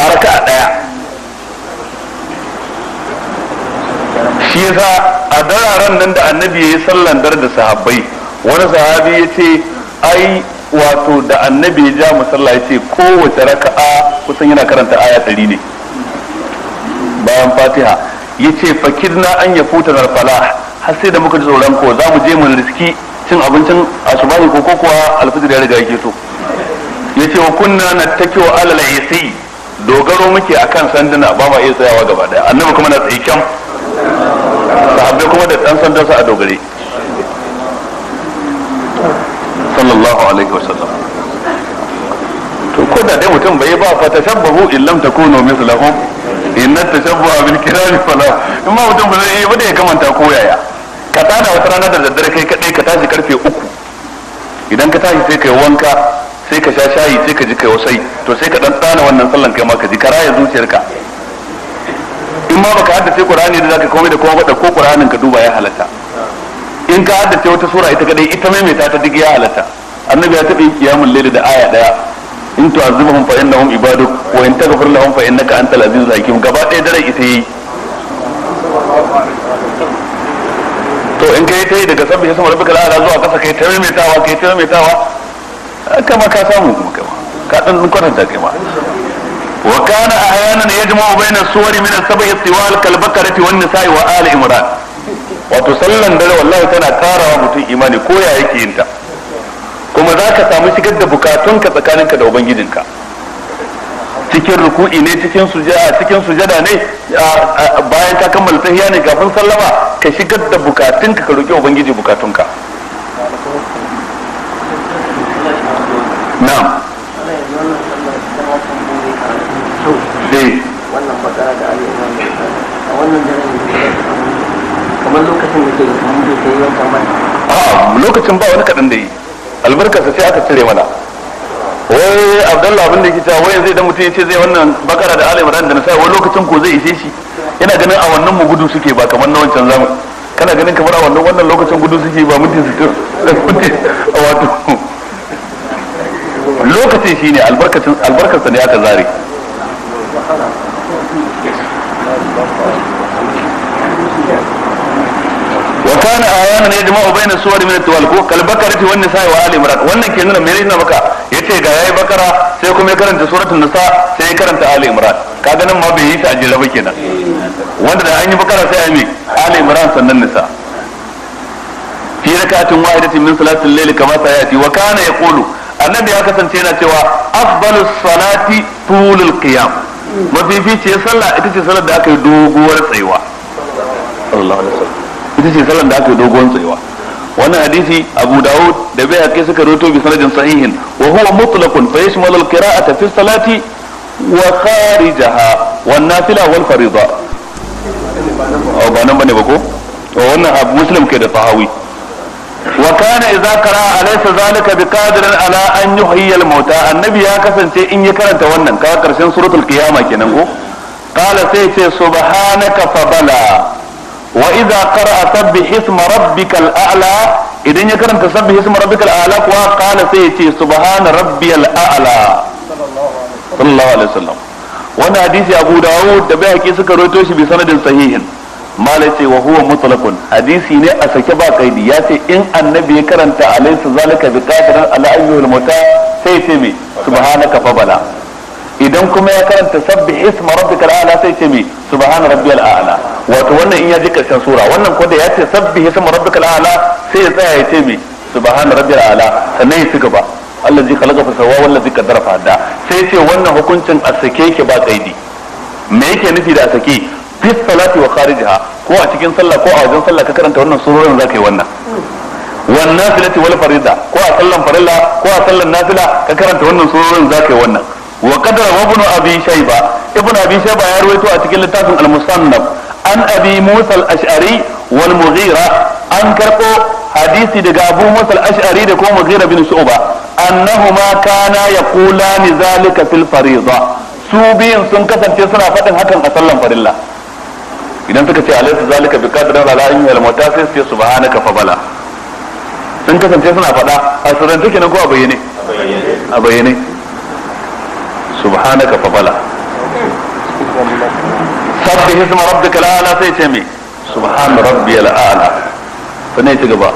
S1: a raka'a daya shi yasa a dararen nan da annabi ya yi sallan dar da sahabbai wani sahabi ya ce ai wato da annabi ya ja musalla ya ce kowace raka'a kusan yana karanta aya ɗari ne bayan fatiha ya ce fakirna an ya futa fala har sai da muka ji tsoron ko za mu je mu riski cin abincin asubani ko kuwa alfijir ya riga yake so ya ce wa kunna na wa alal yasi dogaro muke akan sanduna ba ma iya tsayawa gaba daya annabi kuma na tsaye kyan sahabbai kuma da ɗan sandansa a dogare sallallahu alaihi wasallam to ko da dai mutum bai ba fa tashabbahu in lam takunu mislahum inna tashabbaha bil kirami fala amma mutum ba zai yi ba da ya kamanta ko yaya ka tada wata rana da daddare kai kadai ka tashi karfe uku idan ka tashi sai kai wanka sai ka sha shayi sai ka ji kai wasai to sai ka dan tsana wannan sallan kai ma ka ji karaya zuciyarka in ma baka haddace qur'ani da zaka komai da kuma da ko qur'anin ka duba ya halatta in ka haddace wata sura ita kadai ita maimaita ta duk ya halatta annabi ya taɓa yin qiyamul layl da aya daya in tu'azzibuhum fa innahum ibaduk wa in taghfir lahum fa innaka antal azizul hakim gaba ɗaya dare ita yi to in kai ta yi daga sabbi sama rabbika la'ala zuwa kasa kai ta maimaitawa kai ta maimaitawa kama ka samu kuma kama ka dan kwatanta kai ma wa kana ahyanan yajma'u baina suwari min as-sab'i tiwal kal bakarati wan nisa'i wa ali imran wato sallan dare wallahi tana karawa mutum imani ko ya yake yin ta kuma zaka samu shigar da bukatunka tsakaninka da ubangijinka cikin ruku'i ne cikin sujada cikin ne bayan ka kammala tahiyya ne kafin sallama ka shigar da bukatunka ka roki ubangiji bukatunka Eh. wannan da a wannan jami'in kamar lokacin da ke kamar da ke yanka mana a ah, lokacin ba wani kaɗan da yi albarkarsa sai aka cire mana wai abdalla abin da kita wai zai da mutum ya ce zai wannan bakara da ali imran da na sai wani lokacin ko zai ishe shi yana ganin a wannan mu gudu suke ba kamar na wancan zamani kana ganin kamar a wannan wannan lokacin gudu suke ba mutum sittin wato lokacin shine albarkacin albarkarsa ne aka zare wa kana ayana ne jama'u bayna suwar min at-tawal ko kal bakarati wan nisa'i wa ali wannan ke nuna menene maka yace ga yayi bakara sai kuma ya karanta suratul nisa sai ya karanta ali kaga nan ma bai yi ta ajira ba kenan wanda da an yi bakara sai ayi ali imran sannan nisa fi rak'atin wahidatin min salatil layl kama sayati wa kana yaqulu annabi ya kasance yana cewa afdalus salati tulul qiyam mafificiyar sallah ita ce sallar da aka yi doguwar tsayuwa ita ce sallar da aka yi doguwar tsayuwa wannan hadisi abu dawud da bai ake suka roto bi sanadin sahihin wa huwa mutlaqun fa yashmalu kira qiraata fi salati wa kharijaha wan nafila wal fariḍa ba nan bane ba ko wannan abu muslim ke da tahawi wa kana idza qara'a alaysa zalika biqadirin ala an yuhyi al-mauta annabi ya kasance in ya karanta wannan ka karshen suratul qiyama kenan ko qala sai ce subhanaka fa bala wa idza qara'a sabbih isma rabbikal a'la idan ya karanta sabbih isma rabbikal a'la kuwa qala sai ce subhana rabbiyal a'la sallallahu alaihi wasallam wannan hadisi Abu Dawud da bai Baihaqi suka rawaito shi bi sanadin sahihin malai ce wa huwa mutlaqun hadisi ne a sake ba kaidi ya ce in annabi ya karanta alaysa zalika bi qadirin ala ayyuhil muta sai ce me subhanaka fa bala idan kuma ya karanta sabbih isma rabbikal a'la sai ce me subhana rabbiyal a'la wato wannan in ya ji karshen sura wannan ko da ya ce sabbih isma rabbikal a'la sai ya tsaya ya ce me subhana rabbiyal a'la sannan ya ci gaba Allah ji khalaqa fa sawwa wallazi qaddara fa hada sai ce wannan hukuncin a sake ke ba kaidi me yake nufi da a sake fi salati wa kharijaha ko a cikin sallah ko a wajen sallah ka karanta wannan surorin zaka yi wannan wan nafilati wal farida ko a sallan farilla ko a sallan nafila ka karanta wannan surorin zaka yi wannan wa qadara ibn abi shayba ibn abi shayba ya rawaito a cikin littafin al-musannaf an abi musa al-ash'ari wal mughira an karbo hadisi daga abu musa al-ash'ari da ko mughira bin shu'ba annahuma kana yaqulani zalika fil farida su biyun sun kasance suna faɗin hakan a sallan farilla idan suka ce alaysa zalika bi qadrin ala an yalmata sai su ce subhanaka fa bala sun kasance suna faɗa a sirran take ko a bayyane a bayyane subhanaka fa bala sabbih isma rabbika ala sai ce me subhan rabbiyal a'la sannan ya ci gaba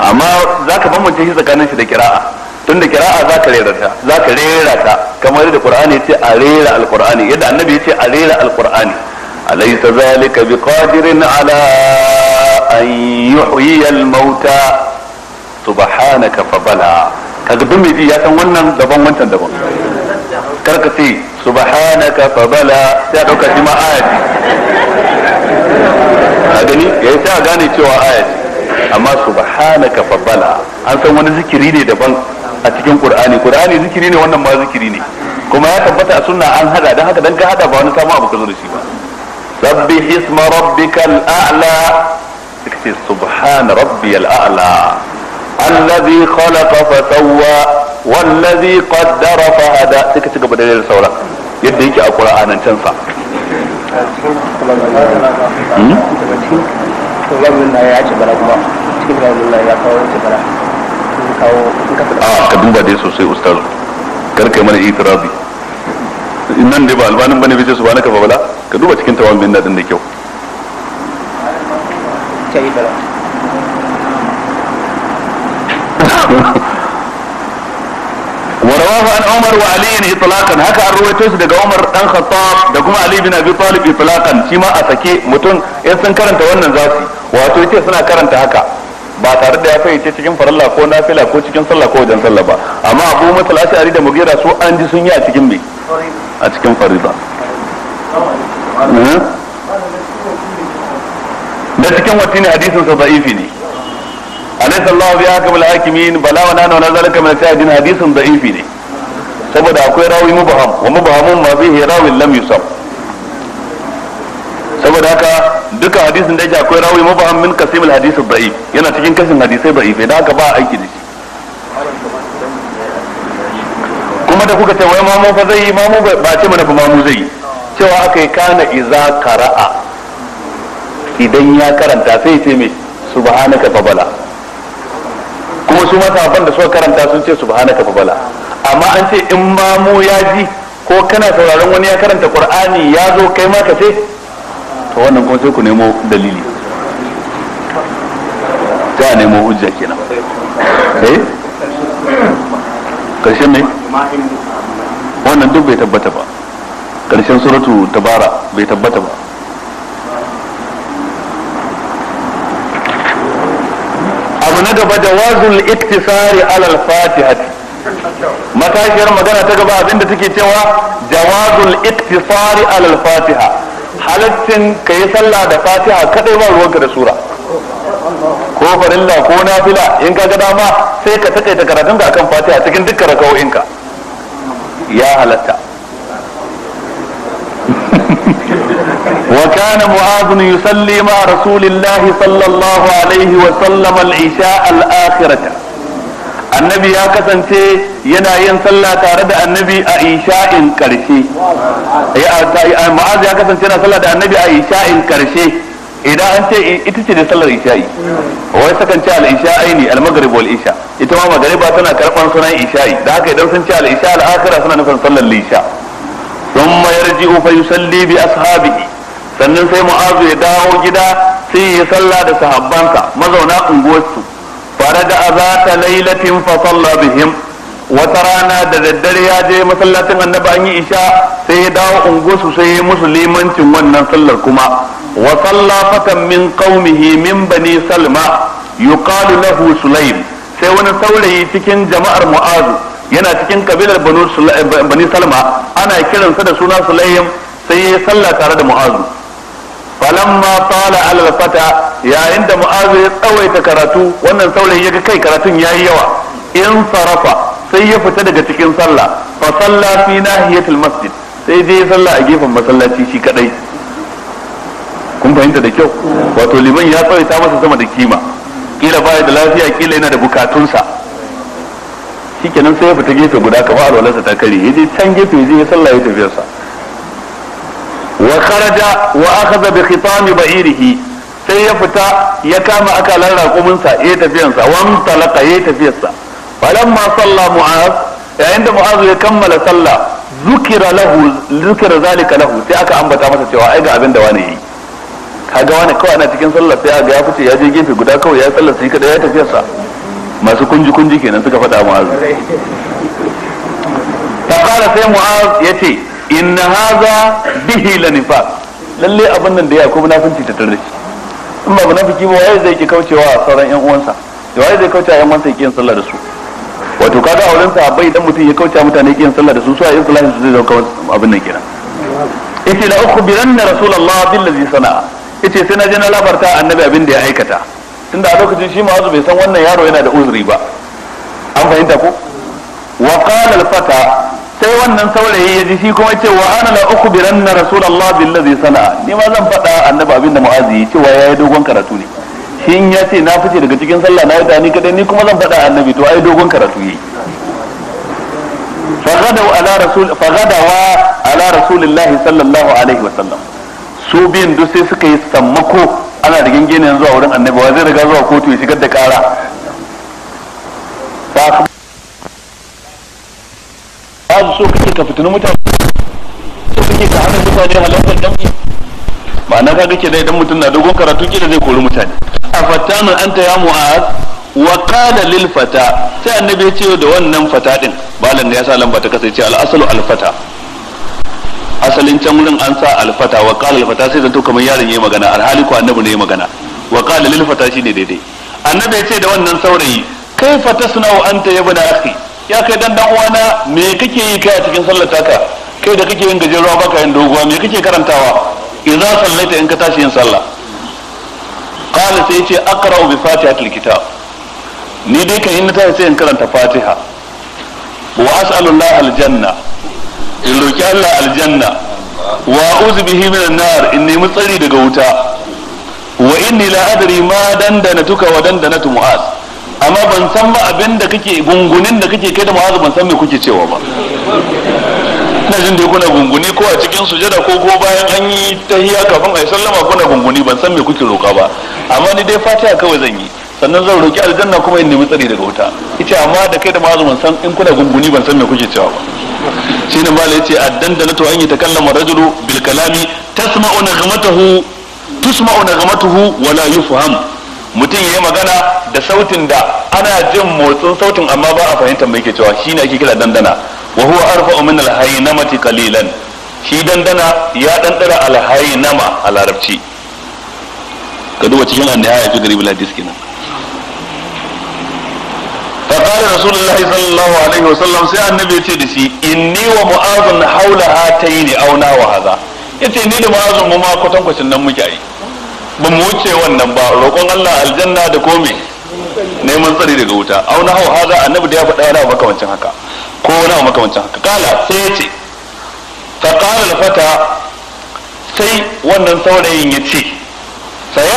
S1: amma za ka bambance shi tsakanin shi da kira'a tunda kira'a za ka rera ta za ka rera ta kamar yadda qur'ani ya ce a rera alqur'ani yadda annabi ya ce a rera alqur'ani أليس ذلك بقادر على أن يحيي الموتى سبحانك فبلى kaga duk mai ji ya san wannan daban wancan daban karka ce subhanaka fabala sai a dauka shi ma a gani sai a gane cewa aya amma subhanaka fabala an san wani zikiri ne daban a cikin qur'ani qur'ani zikiri ne wannan ma zikiri ne kuma ya tabbata a sunna an a dan haka dan ka ba wani abu ka zo da سبح اسم ربك الأعلى اكتب سبحان ربي الأعلى الذي خلق فسوى والذي قدر فهدى تكتب تكتب بدل سورة yadda yake a ƙura'anancen sa ka duba dai sosai ustazu nan dai ba albanin bane bai su subhanaka ba bala ka duba cikin tawal bin nadin da kyau ورواه عن عمر وعلي اطلاقا هكا الرويتوس daga Umar dan Khattab da kuma Ali bin Abi Talib itlaqan shi ma a sake mutum in sun karanta wannan zasu wato yace suna karanta haka ba tare da ya yace cikin faralla ko nafila ko cikin sallah ko wajen sallah ba amma Abu Mutal Ashari da Mugira su an ji sun yi a cikin me a cikin farida eh? da cikin wacce ne hadisin sa da'ifi ne alayhi sallahu biya haka bala hakimin bala wa nana wa mai min sa'idin hadisin da'ifi ne saboda akwai rawi mubaham wa mubahamun ma bihi rawin lam yusab saboda haka duka hadisin da yake akwai rawi mubaham min kasimul hadisi da'if yana cikin kashin hadisai da'if da haka ba aiki da shi mata da kuka ce wai mamu fa zai yi mamu ba ce mana fa mamu zai yi cewa aka yi kana iza kara'a idan ya karanta sai ce mai subhanaka fa bala kuma su ban da suka karanta sun ce subhanaka fa bala amma an ce in mamu ya ji ko kana sauraron wani ya karanta qur'ani ya zo kai ma ka ce to wannan kuma sai ku nemo dalili ta nemo hujja kenan eh karshen ne wannan duk bai tabbata ba karshen suratu tabara bai tabbata ba abu na gaba wazul iktisari alal fatihati matashiyar magana ta gaba abinda take cewa jawazul iktisari alal fatiha halaccin ka yi sallah da fatiha kadai ba ruwanka da sura ko farilla ko nafila in ka ga dama sai ka takaita karatunka akan fatiha cikin dukkan ka ya halatta وكان معاذ يصلي rasulillahi sallallahu alaihi wa الله عليه isha العشاء الآخرة annabi ya kasance yana yin sallah tare da annabi a isha'in karshe ma'az ya kasance yana sallah da annabi a isha'in karshe idan an ce ita ce da sallar isha'i wai sakan ce al-isha'i ne al-maghrib wal isha ita ma magariba tana karban sunan isha'i da haka idan sun ce al-isha al-akhira suna nufin sallar isha thumma yarji'u fa yusalli bi ashabihi sannan sai mu'azu ya dawo gida sai ya salla da sahabbansa mazauna unguwarsu fara da azata lailatin fa salla bihim wata rana da daddare ya je masallacin annabi an yi isha sai ya dawo unguwarsu sai ya musu limancin wannan sallar kuma wa salla min qaumihi min bani salma yuqalu lahu sulaim sai wani saurayi cikin jama'ar mu'azu yana cikin kabilar bani salma ana kiransa da suna sulaim sai ya salla tare da mu'azu falamma sala alal fata yayin da mu'azu ya tsawaita karatu wannan saurayi ya ga kai karatun yayi yawa in sarafa sai ya fita daga cikin sallah fa salla fi nahiyatul masjid sai je sallah a gefen masallaci shi kadai kun fahimta da kyau wato liman ya tsawaita masa sama da kima kila baya da lafiya kila yana da bukatunsa shikenan sai ya fita gefe guda kamar alwalarsa ta kare ya can gefe ya ya sallah ya tafiyarsa wa kharaja wa akhadha bi khitam ba'irihi sai ya fita ya kama akalan sa ya tafiyansa wa talaqa ya tafiyarsa فلما صلى معاذ yayin da mu'az ya kammala sallah zukira lahu zukira zalika sai aka ambata masa cewa ai ga abin da wani yi kaga wani kawai ana cikin sallah sai aga ya fice ya je gefe guda kawai ya sallar sai kada ya tafiya sa masu kunji kunji kenan suka faɗa mu'azu ta kala sai mu'az yace inna hadha bihi lanifa lalle abin nan da ya kuma munafinci ta tare shi in ba munafiki ba waye zai ki kaucewa sauran yan uwansa da waye zai kaucewa yan uwansa yakin sallah da su wato kaga a wurin bai dan mutum ya kauce mutane kiyan sallah da su su a yin sallah su zai zauka abin nan kenan yace la ukhbiran rasulullah bil ladhi sana'a yace sai na je na labarta annabi abin da ya aikata tunda a lokacin shi ma bai san wannan yaro yana da uzuri ba an fahimta ko wa qala al fata sai wannan saurayi ya ji shi kuma ce wa ana la ukhbiran rasulullah bil ladhi sana'a ni ma zan faɗa annabi abin da mu'azi ya ce wa yayi dogon karatu ne shi in ya ce na fice daga cikin sallah na wata ni kadai ni kuma zan faɗa annabi to ai dogon karatu yi فغدوا على رسول فغدوا على رسول الله صلى su biyun duk sai suka yi sammako ana da yanzu zuwa wurin annabi wa zai riga zuwa kotu ya shigar da kara ba su so kake ka fitini mutane so kake ka hana mutane halartar jam'i. ma'ana ka ke da idan mutum na dogon karatu kila zai kori mutane afatanu anta ya mu'az wa qala lil fata sai annabi ya ce da wannan fata din balan da ya sa lamba ta kasance al asalu al fata asalin can wurin an sa al fata wa qala al fata sai zanto kamar yaron yayi magana alhali haliku annabi ne yayi magana wa qala lil fata shine daidai annabi ya ce da wannan saurayi kai fata suna wa anta ya bada akhi ya kai dan dan uwana me kake yi kai a cikin sallar ka kai da kake yin gajeruwa baka yin doguwa me kake karantawa idza sallaita in ka tashi yin sallah qala sai yace aqra'u bi fatihatil kitab ni dai kan inda tashi sai in karanta fatiha wa as'alullah aljanna in roki Allah aljanna wa a'udhu bihi minan nar in nemi tsari daga wuta wa inni la adri ma dandanatuka wa dandanatu mu'az amma ban san ba abinda kake gungunin da kake kai da mu'az ban san me kuke cewa ba ina jin dai kuna gunguni ko a cikin sujada ko ko bayan an yi tahiya kafin a yi sallama kuna gunguni ban san me kuke roka ba amma ni dai fatiha kawai zan yi sannan zan roki aljanna kuma in nemi tsari daga wuta ita amma da kai da mazumin san in kuna gunguni ban san me kuke cewa ba shine mala yace to an yatakallama rajulu bil kalami tasma'u naghmatahu tusma'u naghmatuhu wala yufham mutum yayi magana da sautin da ana jin motsin sautin amma ba a fahimtar me ke cewa shine ake kira dandana wa huwa arfa'u min al-haynamati qalilan shi dandana ya dandara al-haynama a larabci ka duba cikin annihaya fi garibul hadis kenan fa qala rasulullahi sallallahu alaihi wa sallam sai annabi ya ce da shi inni wa mu'azun haula hataini aw wa hadha yace ni da mu'azun mu ma kwatan kwacin nan muke ai ba mu wuce wannan ba roƙon Allah aljanna da kome neman tsari daga wuta aw wa hadha annabi da ya faɗa yana makamancin haka ko wani abu makamancin haka kala sai ya ce da fata sai wannan saurayin ya ce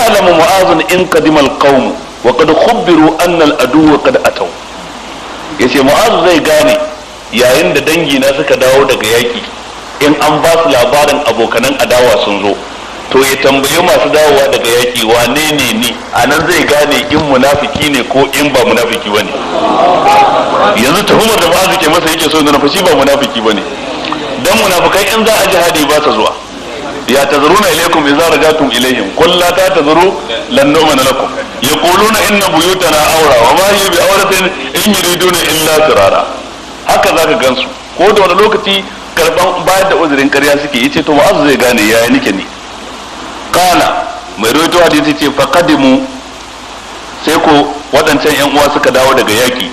S1: alamu mu'azun in kadimal qaumu wa kada kubbiru annal adu wa tau, ya ce mu'azin zai gane yayin da dangina suka dawo daga yaƙi in an ba su labarin abokanan adawa sun zo to ya tambayi masu dawowa daga yaki wane ne ni a nan zai gane in munafiki ne ko in ba munafiki bane yanzu tuhumar da ba ke masa yake so na fashi ba munafiki bane dan munafikai in za a jihadi ba ta zuwa ya tazaruna ilaikum idza rajatum ilaihim qul la tatazuru lan nu'mina lakum yaquluna inna buyutana awra wa ma hiya bi awratin in yuriduna illa firara haka zaka gansu ko da wani lokaci karban bayar da uzurin karya suke yace to ma'azu zai gane yaya nike ni qala mai rawaito hadisi ce faqadimu sai ko waɗancan yan uwa suka dawo daga yaki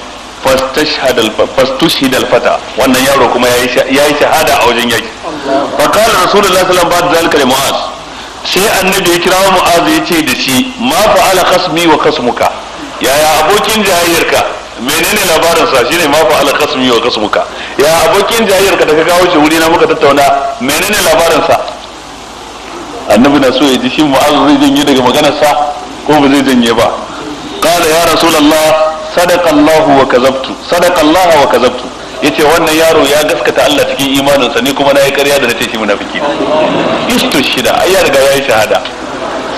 S1: fastushhid al-fata wannan yaro kuma yayi shahada a wajen yaki fa qala rasulullahi sallallahu alaihi wasallam zalika li mu'az sai annabi ya kira mu'az ya ce da shi ma fa'ala khasmi wa khasmuka yaya abokin jahiyarka menene labarin sa shine ma ala kasmi wa kasmuka ya abokin jayayyarka da daga kawo shi wuri na muka tattauna menene labarin sa annabi na so ya ji shi mu'az zai janye daga maganar sa ko ba zai janye ba qala ya rasulullah sadaqa allah wa kazabtu sadaqa allah wa kazabtu yace wannan yaro ya gaskata Allah cikin imanin sa ne kuma na yi ƙarya da na ce shi munafiki ne istu shida ai ya riga ya yi shahada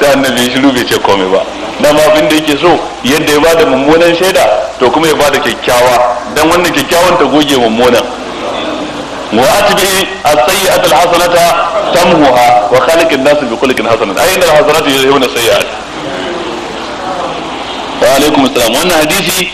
S1: sai annabi ya shiru bai ce komai ba na ma abin da yake so yadda ya bada mummunan shaida to kuma ya bada kyakkyawa dan wannan kyakkyawan ta goge mummunan واتبع السيئه الحسنه تمهها وخالق الناس بخلق حسن اي الحسنات يذهبن السيئات وعليكم السلام wannan hadisi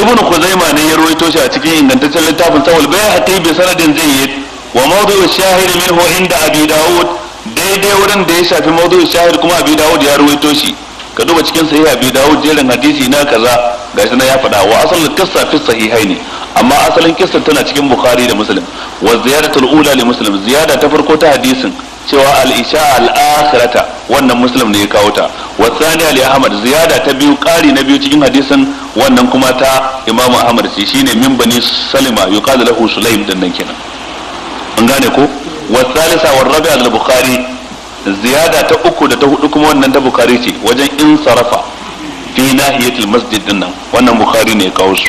S1: ibn khuzaima ne ya ruwaito shi a cikin ingantaccen littafin sawal bayhaqi bi sanadin jayyid wa mawdu'u shahid minhu inda abi daud daidai wurin da ya shafi mawdu'u shahid kuma abi daud ya ruwaito shi ka duba cikin sahih abi daud jerin hadisi na kaza gashi ya faɗa wa asalul qissa fi amma asalin kissa tana cikin bukhari da muslim wa ziyaratul ula li muslim ziyada ta farko ta hadisin cewa al-isha al-akhirata wannan muslim ne ya kawo ta wa thaniya li ahmad ziyada ta biyu kari na biyu cikin hadisin wannan kuma ta imamu ahmad ce shine min bani salima yuqalu lahu sulaim din nan kenan an gane ko wa thalitha wa rabi'a al-bukhari ziyada ta uku da ta hudu kuma wannan ta bukhari ce wajen in sarafa fi nahiyatil masjid din nan wannan bukhari ne ya kawo su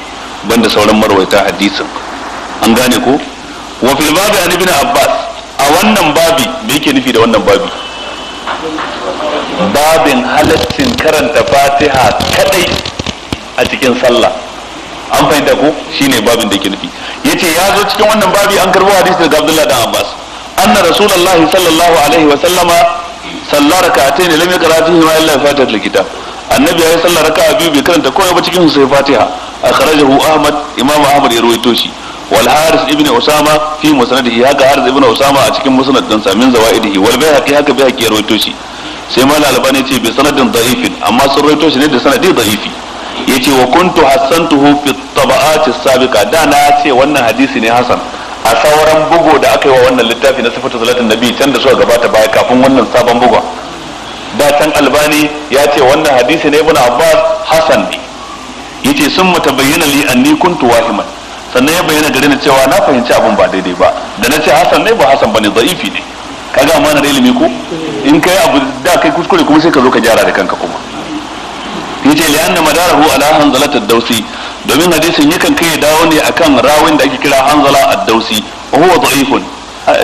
S1: banda sauran marwaita hadisin an gane ko wa fil babi an ibn abbas a wannan babi me yake nufi da wannan babi babin halaccin karanta fatiha kadai a cikin sallah an fahimta ko shine babin da yake nufi yace ya zo cikin wannan babi an karbo hadisi daga abdullahi dan abbas anna rasulullahi sallallahu alaihi wa sallama sallar rak'atayn lam yaqra fihi ma illa fatihatul kitab annabi ya yi sallar biyu bai karanta komai ba cikin sai fatiha akhrajahu ahmad imam ahmad ya ruwaito shi wal haris ibn usama fi musnadihi haka haris ibn usama a cikin musnad din sa min zawaidihi wal bayhaqi haka bayhaqi ya ruwaito shi sai mal albani ce bi sanadin da'ifin amma sun ruwaito ne da sanadi da'ifi yace wa kuntu hassantuhu fi tabaqat as-sabiqa da na ce wannan hadisi ne hasan a sauran bugu da aka yi wa wannan littafi na sifatu salatin nabi can da suka gabata baya kafin wannan sabon bugun da can albani ya ce wannan hadisi na ibn abbas hasan yace sun bayyana li anni kuntu wahiman sannan ya bayyana gare ni cewa na fahimci abin ba daidai ba da na ce hasan ne ba hasan bane zaifi ne kaga amanar ilimi ko in kai abu da kai kuskure kuma sai ka zo ka gyara da kanka kuma yace li anna madarahu ala hanzalat ad-dawsi domin hadisin yakan kai dawo ne akan rawin da ake kira hanzala ad-dawsi wa huwa da'ifun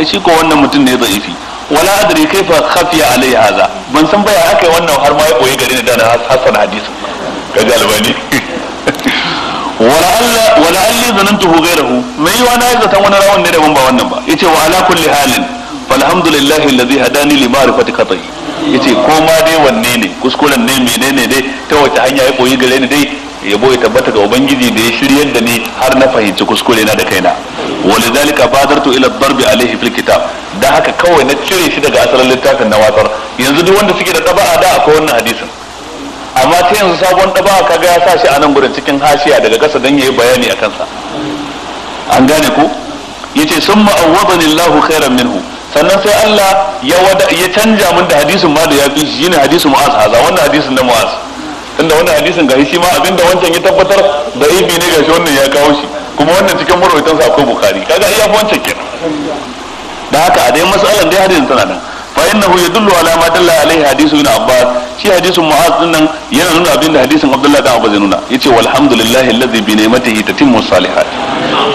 S1: shi ko wannan mutum ne zaifi wala adri kaifa khafiya alai hadha ban san baya akai wannan har ma ya koyi gare ni da na hasan hadisin kaga albani wala alli zanantuhu ghayrahu mai yiwa na yi zaton wani rawan ne daban ba wannan ba yace wa ala kulli halin falhamdulillahi alladhi hadani li ma'rifati qat'i yace ko ma dai wanne ne kuskuren ne menene dai ta wace hanya ya koyi gare ni dai ya boye tabbata ga ubangiji da ya shiryar da ni har na fahimci kuskure na da kaina walidhalika badartu ila darbi alayhi fil kitab da haka kawai na cire shi daga asalin littafin na watsar yanzu duk wanda suke da taba'a da akwai wannan hadisin amma ta yanzu sabon ɗaba kaga ya sa shi a nan gurin cikin hashiya daga ƙasa don yayi bayani a kansa an gane ku yace summa awwadani Allahu khairan minhu sannan sai Allah ya canja min da hadisin ma da ya fi shi ne hadisin Mu'az haza wannan hadisin na Mu'az tunda wannan hadisin ga shi ma abinda wancan ya tabbatar da ibi ne ga shi wannan ya kawo shi kuma wannan cikin murautansa akwai bukari kaga iya wancan kenan da haka a dai masalan dai hadisin tana nan fa innahu yadullu ala ma dalla alaihi hadisu ibn abbas shi hadisin mu'az din yana nuna abin da hadisin abdullah dan abbas ya nuna yace walhamdulillahi alladhi bi ni'matihi tatimmu salihat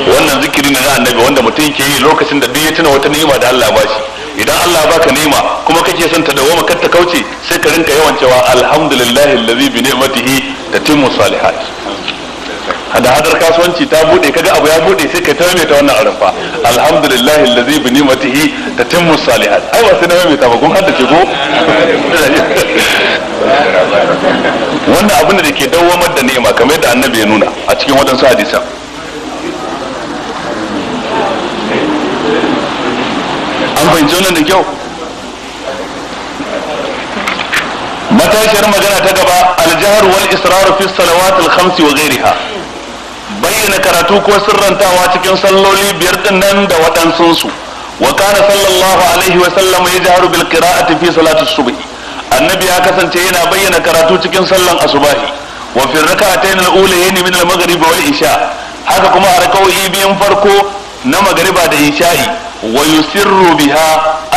S1: wannan zikiri na annabi wanda mutum yake yi lokacin da duk ya tuna wata ni'ima da Allah ba shi idan Allah baka ni'ima kuma kake son ta dawo kar ta kauce sai ka rinka yawan cewa alhamdulillahi alladhi bi ni'matihi tatimmu salihat hada hadar kasuwanci ta bude kaga abu ya bude sai ka tarme ta wannan arafa alhamdulillah allazi bi ni'matihi tatimmu salihat ai wasu sai na mai ta ba hadda ce ko wannan abin da ke dawwamar da ni'ima kamar yadda annabi ya nuna a cikin wadansu hadisan an fahimci wannan da kyau matashiyar magana ta gaba aljahar wal israr fi salawat khamsi wa ghayriha bayyana karatu ko sirrantawa cikin salloli biyar din nan da waɗansunsu wa kana sallallahu alaihi wa sallam yajharu bil qira'ati fi salati subhi annabi ya kasance yana bayyana karatu cikin sallan asubahi wa fi rak'atayn al-ulayayn min al-maghrib wal isha haka kuma a rakawi biyan farko na magariba da isha'i wa yusirru biha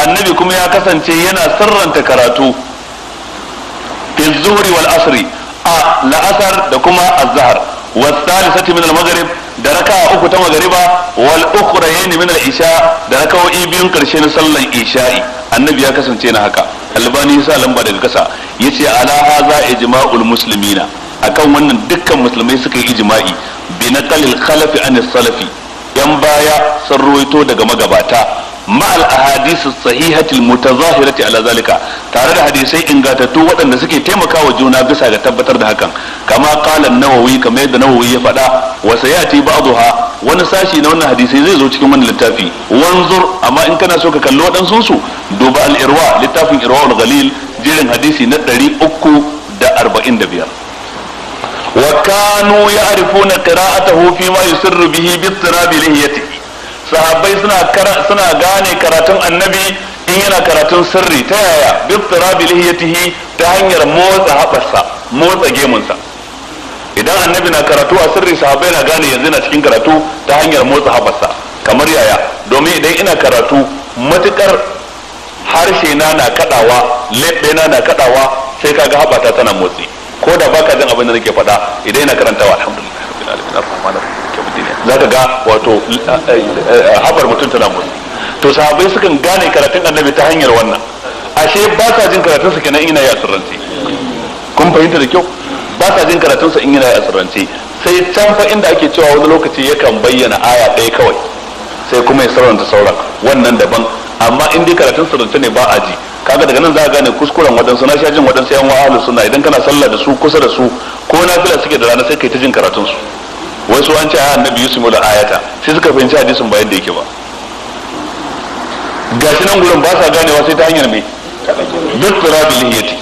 S1: annabi kuma ya kasance yana sirranta karatu fi zuhri wal asri a la'asar da kuma azhar والثالثة من المغرب da raka a uku ta magariba wal ukhrayn min al isha da rakawoyi biyun karshe na sallar isha'i annabi ya kasance na haka albani sa lamba daga kasa yace ala hadha ijma'ul muslimina akan wannan dukkan musulmai suka yi ijma'i bi kalil kalafi an salafi yan baya sun ruwaito daga magabata ma'al ahadith sahihatil mutazahirati ala zalika tare da hadisai ingatattu waɗanda suke taimakawa juna bisa ga tabbatar da hakan kama qala an-nawawi kama yadda nawawi ya faɗa wa sayati ba'daha wani sashi na wannan hadisai zai zo cikin wannan littafi wanzur amma in kana so ka kalli waɗansu su duba al'irwa littafin irwa al-ghalil jerin hadisi na 345 وكانوا يعرفون قراءته فيما يسر به باضطراب لهيته sahabbai suna gane karatun annabi in yana karatun sirri ta yaya duk tirabi lihiyatihi ta hanyar motsa habarsa motsa gemunsa idan annabi na karatu a sirri sahabbai na gane yanzu na cikin karatu ta hanyar motsa habarsa kamar yaya domin idan ina karatu matukar harshe na na kadawa leɓe na na kadawa sai ga habata tana motsi ko da baka jin abin da nake faɗa idan ina karantawa alhamdulillah rabbil alamin arrahmanir rahim za ka ga wato eh, haɓar mutum tana musu to sahabai sukan gane karatun annabi ta hanyar wannan ashe ba sa jin sa kenan ina yi a kun fahimta da kyau ba sa jin karatunsa in yana yi a sai can fa inda ake cewa wani lokaci yakan bayyana aya ɗaya kawai sai kuma ya sarranta sauran wannan daban amma in dai karatun sirrance ne ba a ji kaga daga nan za a gane kuskuren waɗansu na sha jin waɗansu yan wa'alu suna idan kana sallah da su kusa da su ko na fila suke da rana sai kai ta jin karatunsu wasu an ce ah, annabi yusuf da ayata sai suka fahimci hadisin bayan da yake ba gashi nan gurin ba sa ganewa sai ta hanyar mai dattara bilhiyati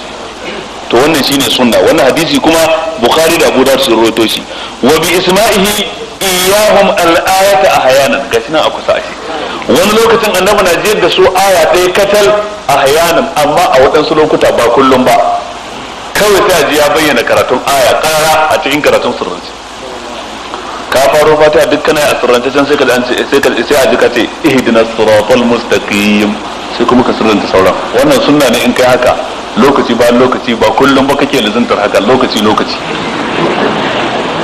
S1: to wannan shine sunna wannan hadisi kuma bukhari da abu da su rawaito shi wa bi isma'ihi iyahum al-ayata ahyanan gashi nan a kusa wani lokacin annabi na jiyar da su aya ɗaya katal ahyanan amma a waɗansu lokuta ba kullum ba kawai sai ji ya bayyana karatun aya ƙara a cikin karatun sirrinci ka faro fatiha duk kana a surrance can sai ka sai ka sai a jika ce ihdinas siratal mustaqim sai kuma ka surranta sauran wannan sunna ne in kai haka lokaci ba lokaci ba kullum ba kake lazantar haka lokaci lokaci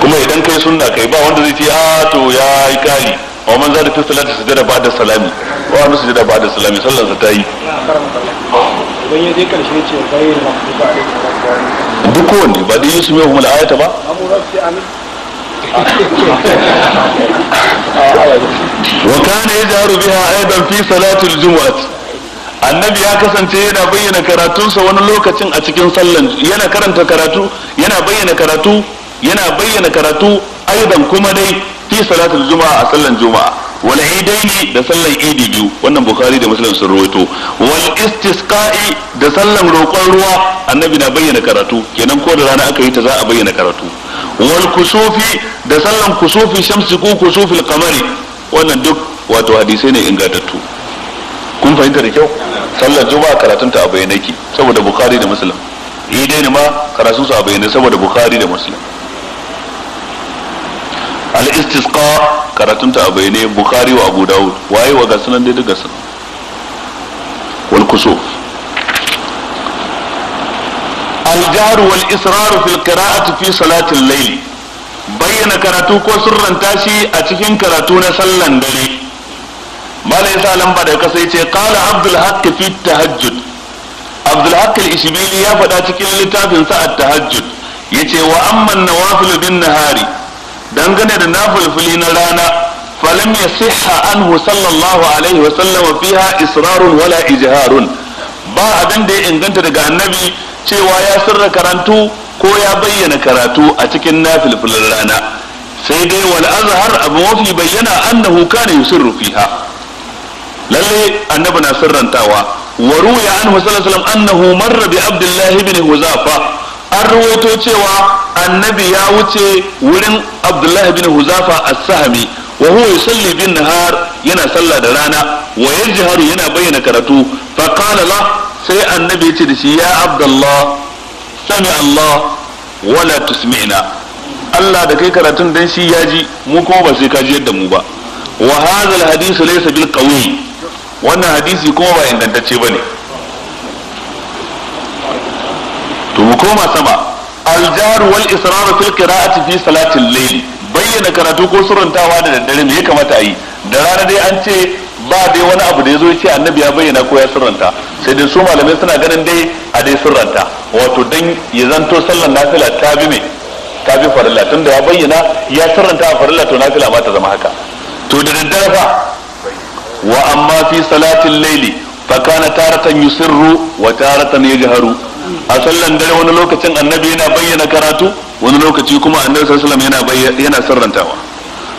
S1: kuma idan kai sunna kai ba wanda zai ce a to ya yi kari wa man zada fi salati sujada ba da salami wa wanda sujada ba da salami sallar sa ta yi bayan dai karshe ce bayan duk kowanne ba dai yusuf ya hum al-ayata ba amu rabbi amin wa kana yajharu biha aidan fi salatil annabi ya kasance yana bayyana karatunsa wani lokacin a cikin sallan yana karanta karatu yana bayyana karatu yana bayyana karatu aidan kuma dai fi salatul juma'a a sallan juma'a wal idaini da sallan idi biyu wannan bukhari da muslim sun rawaito wal istisqa'i da sallan roƙon ruwa annabi na bayyana karatu kenan ko da rana aka yi ta za a bayyana karatu wal kusufi da sallan kusufi shamsi ko al qamari wannan duk wato hadisai ne ingantattu kun fahimta da kyau sallar juma'a karatun ta a bayyane saboda bukhari da muslim idaini ma karatun su a bayyane saboda bukhari da muslim al-istisqa karatun ta abai ne bukhari wa abu Dawud, waye wa ga sunan dai daga sunan wal kusuf al-jahr wal israr fil qira'ati fi salati al-layl bayyana karatu ko sirranta shi a cikin karatu na sallan dare malai sa lamba da kasa yace qala abdul haqq fi tahajjud abdul haqq al-ishbili ya faɗa cikin littafin sa at-tahajjud yace wa amma an-nawafil bin nahari dangane da nafulfuli na rana falam yasihha anhu sallallahu alaihi wa sallam fiha israrun wala ijharun ba abin da ya inganta daga annabi cewa ya sirra karantu ko ya bayyana karatu a cikin nafilfilin rana sai dai wal azhar abu mafi bayyana annahu kana yusirru fiha lalle annabi na sirrantawa wa ruya anhu sallallahu alaihi sallam annahu marra bi abdullahi ibn huzafa an ruwaito cewa annabi ya wuce wurin abdullahi bin huzafa as-sahmi wa huwa yusalli bin nahar yana sallah da rana wa yajharu yana bayyana karatu fa qala la sai annabi ya ce da shi ya abdullah sami allah wala tusmi'na Allah da kai karatun dan shi ya ji mu kuma ba sai ka ji yadda mu ba wa hadha al-hadithu laysa bil qawi wannan hadisi kuma ba ingantacce bane to mu koma sama aljaru wal israru fil qira'ati fi al layl bayyana karatu ko surantawa da daddare me ya kamata a yi da rana dai an ce ba dai wani abu da ya zo ce annabi ya bayyana ko ya surranta sai dai su malamai suna ganin dai a dai surranta wato dan ya zanto sallar nafila ta bi me ta bi farilla tunda ya bayyana ya surranta a farilla to nafila ma ta zama haka to da daddare fa wa amma fi salatin layli fa kana taratan yusirru wa taratan yajharu a sallan dare wani lokacin annabi yana bayyana karatu wani lokaci kuma annabi sallallahu alaihi wasallam yana sarrantawa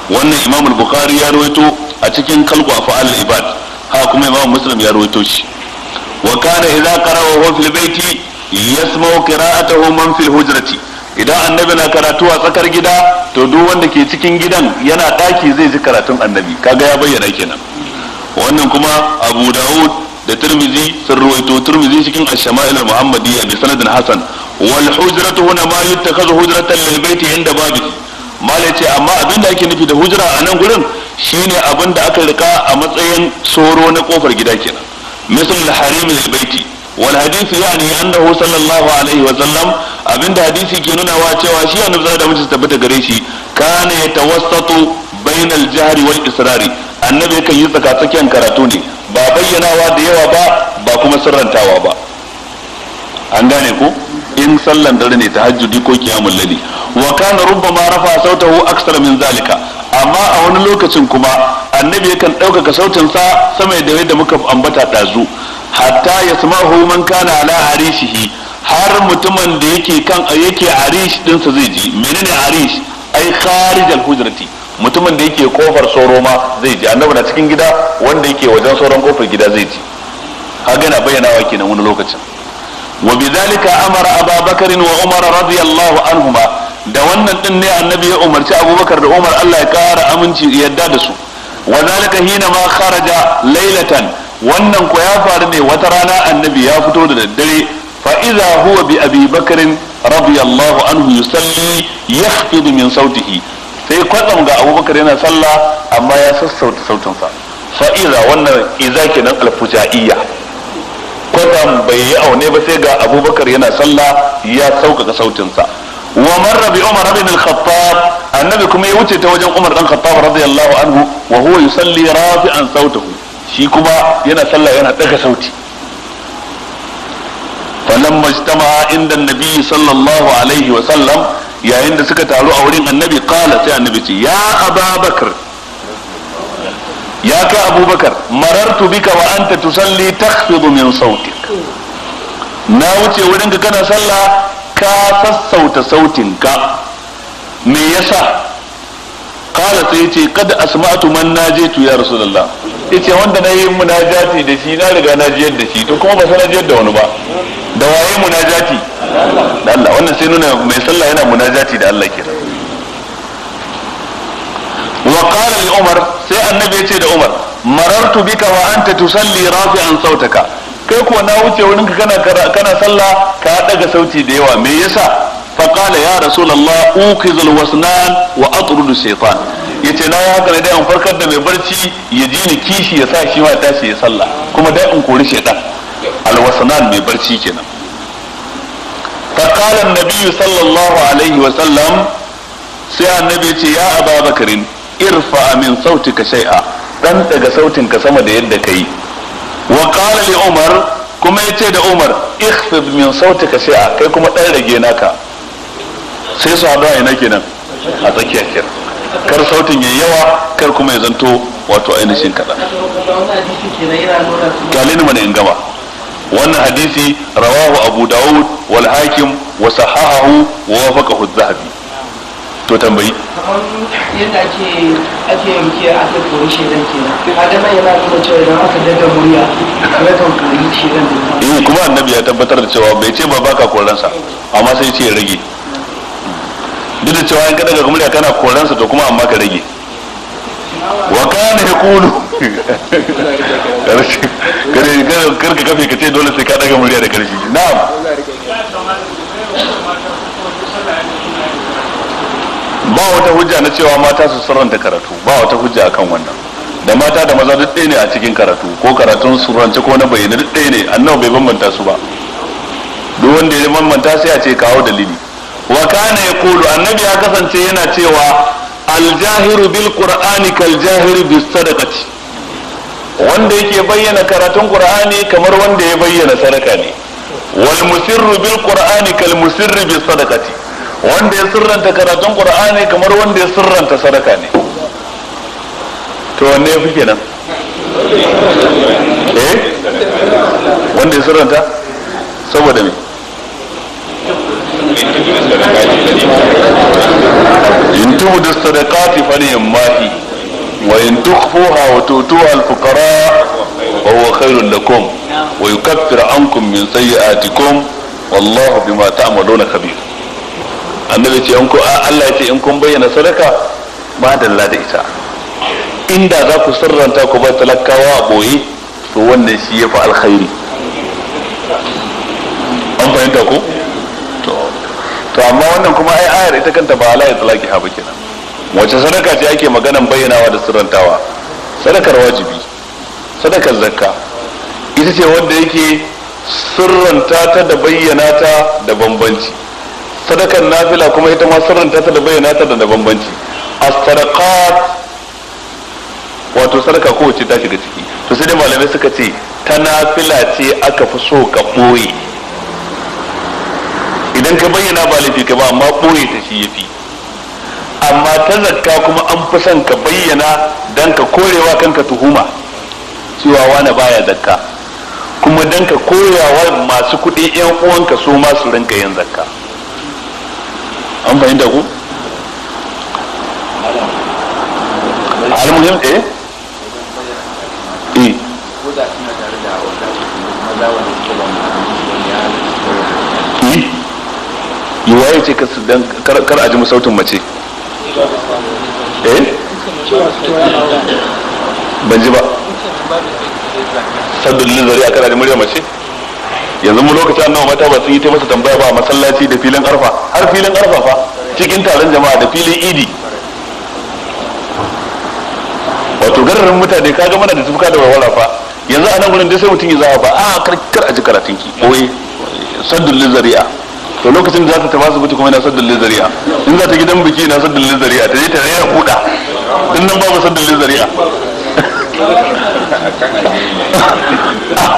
S1: wannan imam al-bukhari ya rawaito a cikin kalbu afal ibad ha kuma imam muslim ya rawaito shi wa kana idza qara'a wa fil baiti yasma'u qira'atahu man fil hujrati idan annabi na karatu a tsakar gida to duk wanda ke cikin gidan yana daki zai ji karatun annabi kaga ya bayyana kenan wannan kuma abu daud da turmizi sun ruwaito turmizi cikin ash-shama'il al-muhammadiyya bi sanadin hasan wal hujratu huna ma yuttakhadhu hujratan lil baiti inda babi malai ce amma abinda ake nufi da hujra a nan gurin shine abinda aka rika a matsayin soro na kofar gida kenan misal al-harim lil baiti wal hadith yani annahu sallallahu alaihi wa sallam abinda hadisi ke nuna wa cewa shi annabi da mutunta tabbata gare shi kana yatawassatu bainal jahri wal israri annabi kan yi tsaka tsakiyar karatu ne ba bayyanawa da yawa ba ba kuma sirrantawa ba an gane ko in sallan dare ne tahajjudi ko qiyamul layli wa kana rubbama rafa sautahu aksar min zalika amma a wani lokacin kuma annabi yakan ɗaukaka sautin sa sama da yadda muka ambata ɗazu. hatta yasma'hu man kana ala hi har mutumin da yake kan yake arish ɗinsa zai ji menene arish ai kharijal hujrati mutumin da yake kofar soro ma zai ji annabi na cikin gida wanda yake wajen sauran kofar gida zai ji kaga yana bayyanawa kenan wani lokacin wa bidhalika amara abubakar wa umar radiyallahu anhuma da wannan din ne annabi ya umarci abubakar da umar Allah ya kara aminci yadda da su wa zalika hina ma kharaja laylatan wannan ko ya faru ne wata rana annabi ya fito da daddare fa idza huwa bi abi bakr radiyallahu anhu yusalli yahfid min sautihi sai kwatsam ga abubakar yana sallah amma ya sassauta sautinsa fa'iza wannan iza kenan alfujaiya kwatsam bai yi aune ba sai ga abubakar yana sallah ya sauƙaƙa sautinsa wa marra bi umar bin al-khattab annabi kuma ya wuce ta wajen umar dan khattab radiyallahu anhu wa huwa yusalli rafi'an sautahu shi kuma yana sallah yana daga sauti فلما اجتمع عند النبي sallallahu alaihi wa sallam. yayin da suka taru a wurin annabi qala sai annabi ce ya ababakar ya kai abubakar marartu bika wa anta tusalli takhfidu min sautik na wuce wurin ka kana sallah ka sassauta sautinka me yasa qala sai yace kada asma'tu man najaitu ya rasulullah yace wanda nayi munajati da shi na riga na jiyar da shi to kuma ba sanar jiyar da wani ba da waye munajati da Allah wannan sai nuna mai sallah yana munajati da Allah kenan wa qala li umar sai annabi ya ce da umar marartu bika wa anta tusalli rafi'an sautaka kai kuwa na wuce wurin ka kana kana sallah ka daga sauti da yawa me yasa fa qala ya rasulullah uqizul wasnan wa atrudu shaytan yace na ya haka dai an farkar da mai barci ya ji ni kishi ya sa shi ma tashi ya sallah kuma dai in kori shaytan alwasnan mai barci kenan فقال Nabiyyu صلى sai عليه وسلم ya النبي يا أبا بكر ارفع من صوتك شيئا dan daga sautin ka sama da yadda kai wa qala li umar kuma yace da umar ikhfid min sautika shay'a kai kuma dan rage naka sai su hada ina kenan a tsakiyar kir kar sautin yayi yawa kar kuma ya zanto wato ainihin kada kalin mana in gaba wannan hadisi rawahu abu dawud wal hakim wa sahahahu wa wafaqahu az-zahabi to tambayi yadda ake ake yanke ake koyi shedan da adama yana nuna cewa idan aka daga murya ya kan koyi shedan eh kuma annabi ya tabbatar da cewa bai ce ba baka koransa amma sai ce ya rage duk da cewa in ka daga murya kana koransa to kuma amma ka rage wakana kana yaqulu kare kar ka kafe ka ce dole sai ka daga murya da karfi na'am ba wata hujja na cewa mata su surranta karatu ba wata hujja akan wannan da mata da maza duk ɗaya ne a cikin karatu ko karatun surrance ko na bayyana duk ɗaya ne annawa bai bambanta su ba duk wanda ya bambanta sai a ce kawo dalili wa kana kulu annabi ya kasance yana cewa aljahiru bil qur'ani kal jahiru bis sadaqati wanda yake bayyana karatun qur'ani kamar wanda ya bayyana sadaka ne wal musirru bil qur'ani kal musirri bis sadaqati wanda ya sirranta karatun qur'ani kamar wanda ya sirranta sadaka ne to wanne yafi kenan eh wanda ya sirranta saboda me in tubdu sadaqati falyammahi wa in tukhfuha wa tutuha al-fuqara fa huwa khairun lakum wa yukaffiru ankum min sayyi'atikum wallahu bima ta'maluna khabir annabi ce in ku Allah ya ce in kun bayyana sadaka ba dalla da ita inda za ku sirranta ku ba talakawa a boye to wannan shi ya fi alkhairi an fahimta ku to amma wannan kuma ai ayar ita kanta ba ala itlaqi ha ba kenan wace sadaka ce ake maganan bayyanawa da sirrantawa sadakar wajibi sadakar zakka ita ce wanda yake sirranta ta da bayyana ta da bambanci sadakar nafila kuma ita ma sirranta ta da bayyana ta da bambanci as-sadaqat wato sadaka kowace ta shiga ciki to sai dai malamai suka ce ta nafila ce aka fi so ka koyi idan ka bayyana ba laifi ka ba amma ɓoye ta shi yafi amma ta zakka kuma an fi son ka bayyana dan ka korewa kanka tuhuma cewa wani baya zakka kuma dan ka korewa masu kuɗi yan uwanka su ma su rinka yin zakka an fahimta ku almuhim eh, eh. yi waye ce kar a ji sautin mace eh ban ji ba sabbin lizari a karajin murya mace yanzu mu lokacin annawa mata ba sun yi ta masa tambaya ba a masallaci da filin arfa har filin arfa fa cikin taron jama'a da filin idi wato gararin mutane kaga mana da tufka da wawara fa yanzu a nan gurin da sai mutum ya zawa ba a karkar a ji karatun ki sandun saddun lizari'a to lokacin da za ta tafi asibiti kuma ina saddan zariya in za ta gidan biki ina saddan zariya ta je ta rera kuda din nan babu saddan lezariya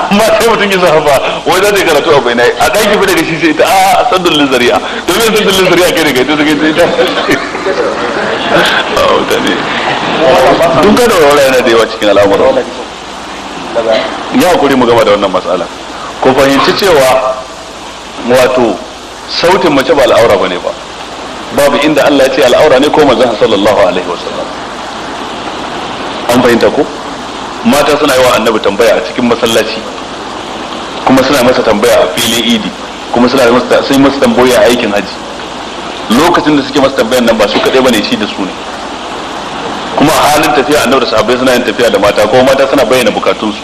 S1: amma sai mutum ya zafa wai za ta yi karatu a bainai a ɗaki fi daga shi sai ta a ah, saddan zariya to me saddan zariya kai daga ita sai ta a wuta oh, ne duk da wala yana da yawa cikin al'amuran ya hakuri mu gama da wannan matsala ko fahimci cewa wato sautin mace ba al'aura bane ba babu inda Allah ya ce al'aura ne ko manzon sallallahu alaihi wasallam an fahimta ko mata suna yi wa annabi tambaya a cikin masallaci kuma suna masa tambaya a filin idi kuma suna sai masa tambayoyi a aikin haji lokacin da suke masa tambayan nan ba su kaɗai bane shi da su ne kuma a halin tafiya annabi da sahabbai suna yin tafiya da mata ko mata suna bayyana bukatunsu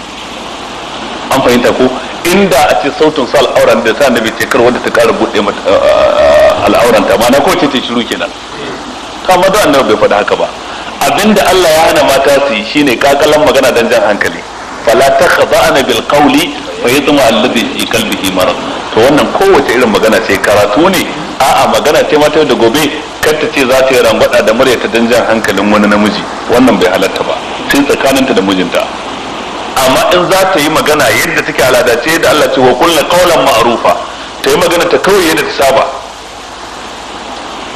S1: an fahimta ko inda a ce sautin sa al'auran da sa nabi ce kar wanda ta kara buɗe mata al'auran ta mana ko ce ta shiru kenan to da annabi bai faɗi haka ba abinda Allah ya hana mata su yi shine kakalan magana dan jan hankali fala na bil qawli fa yatma alladhi fi qalbihi marad to wannan kowace irin magana ce karatu ne a'a magana ce mata da gobe kar ta ce za ta yi rangwada da murya ta dan jan hankalin wani namiji wannan bai halatta ba sai tsakaninta da mijinta amma in za ta yi magana yadda take aladace da Allah ce wa kullu qawlan ma'rufa ta yi magana ta kawai yadda ta saba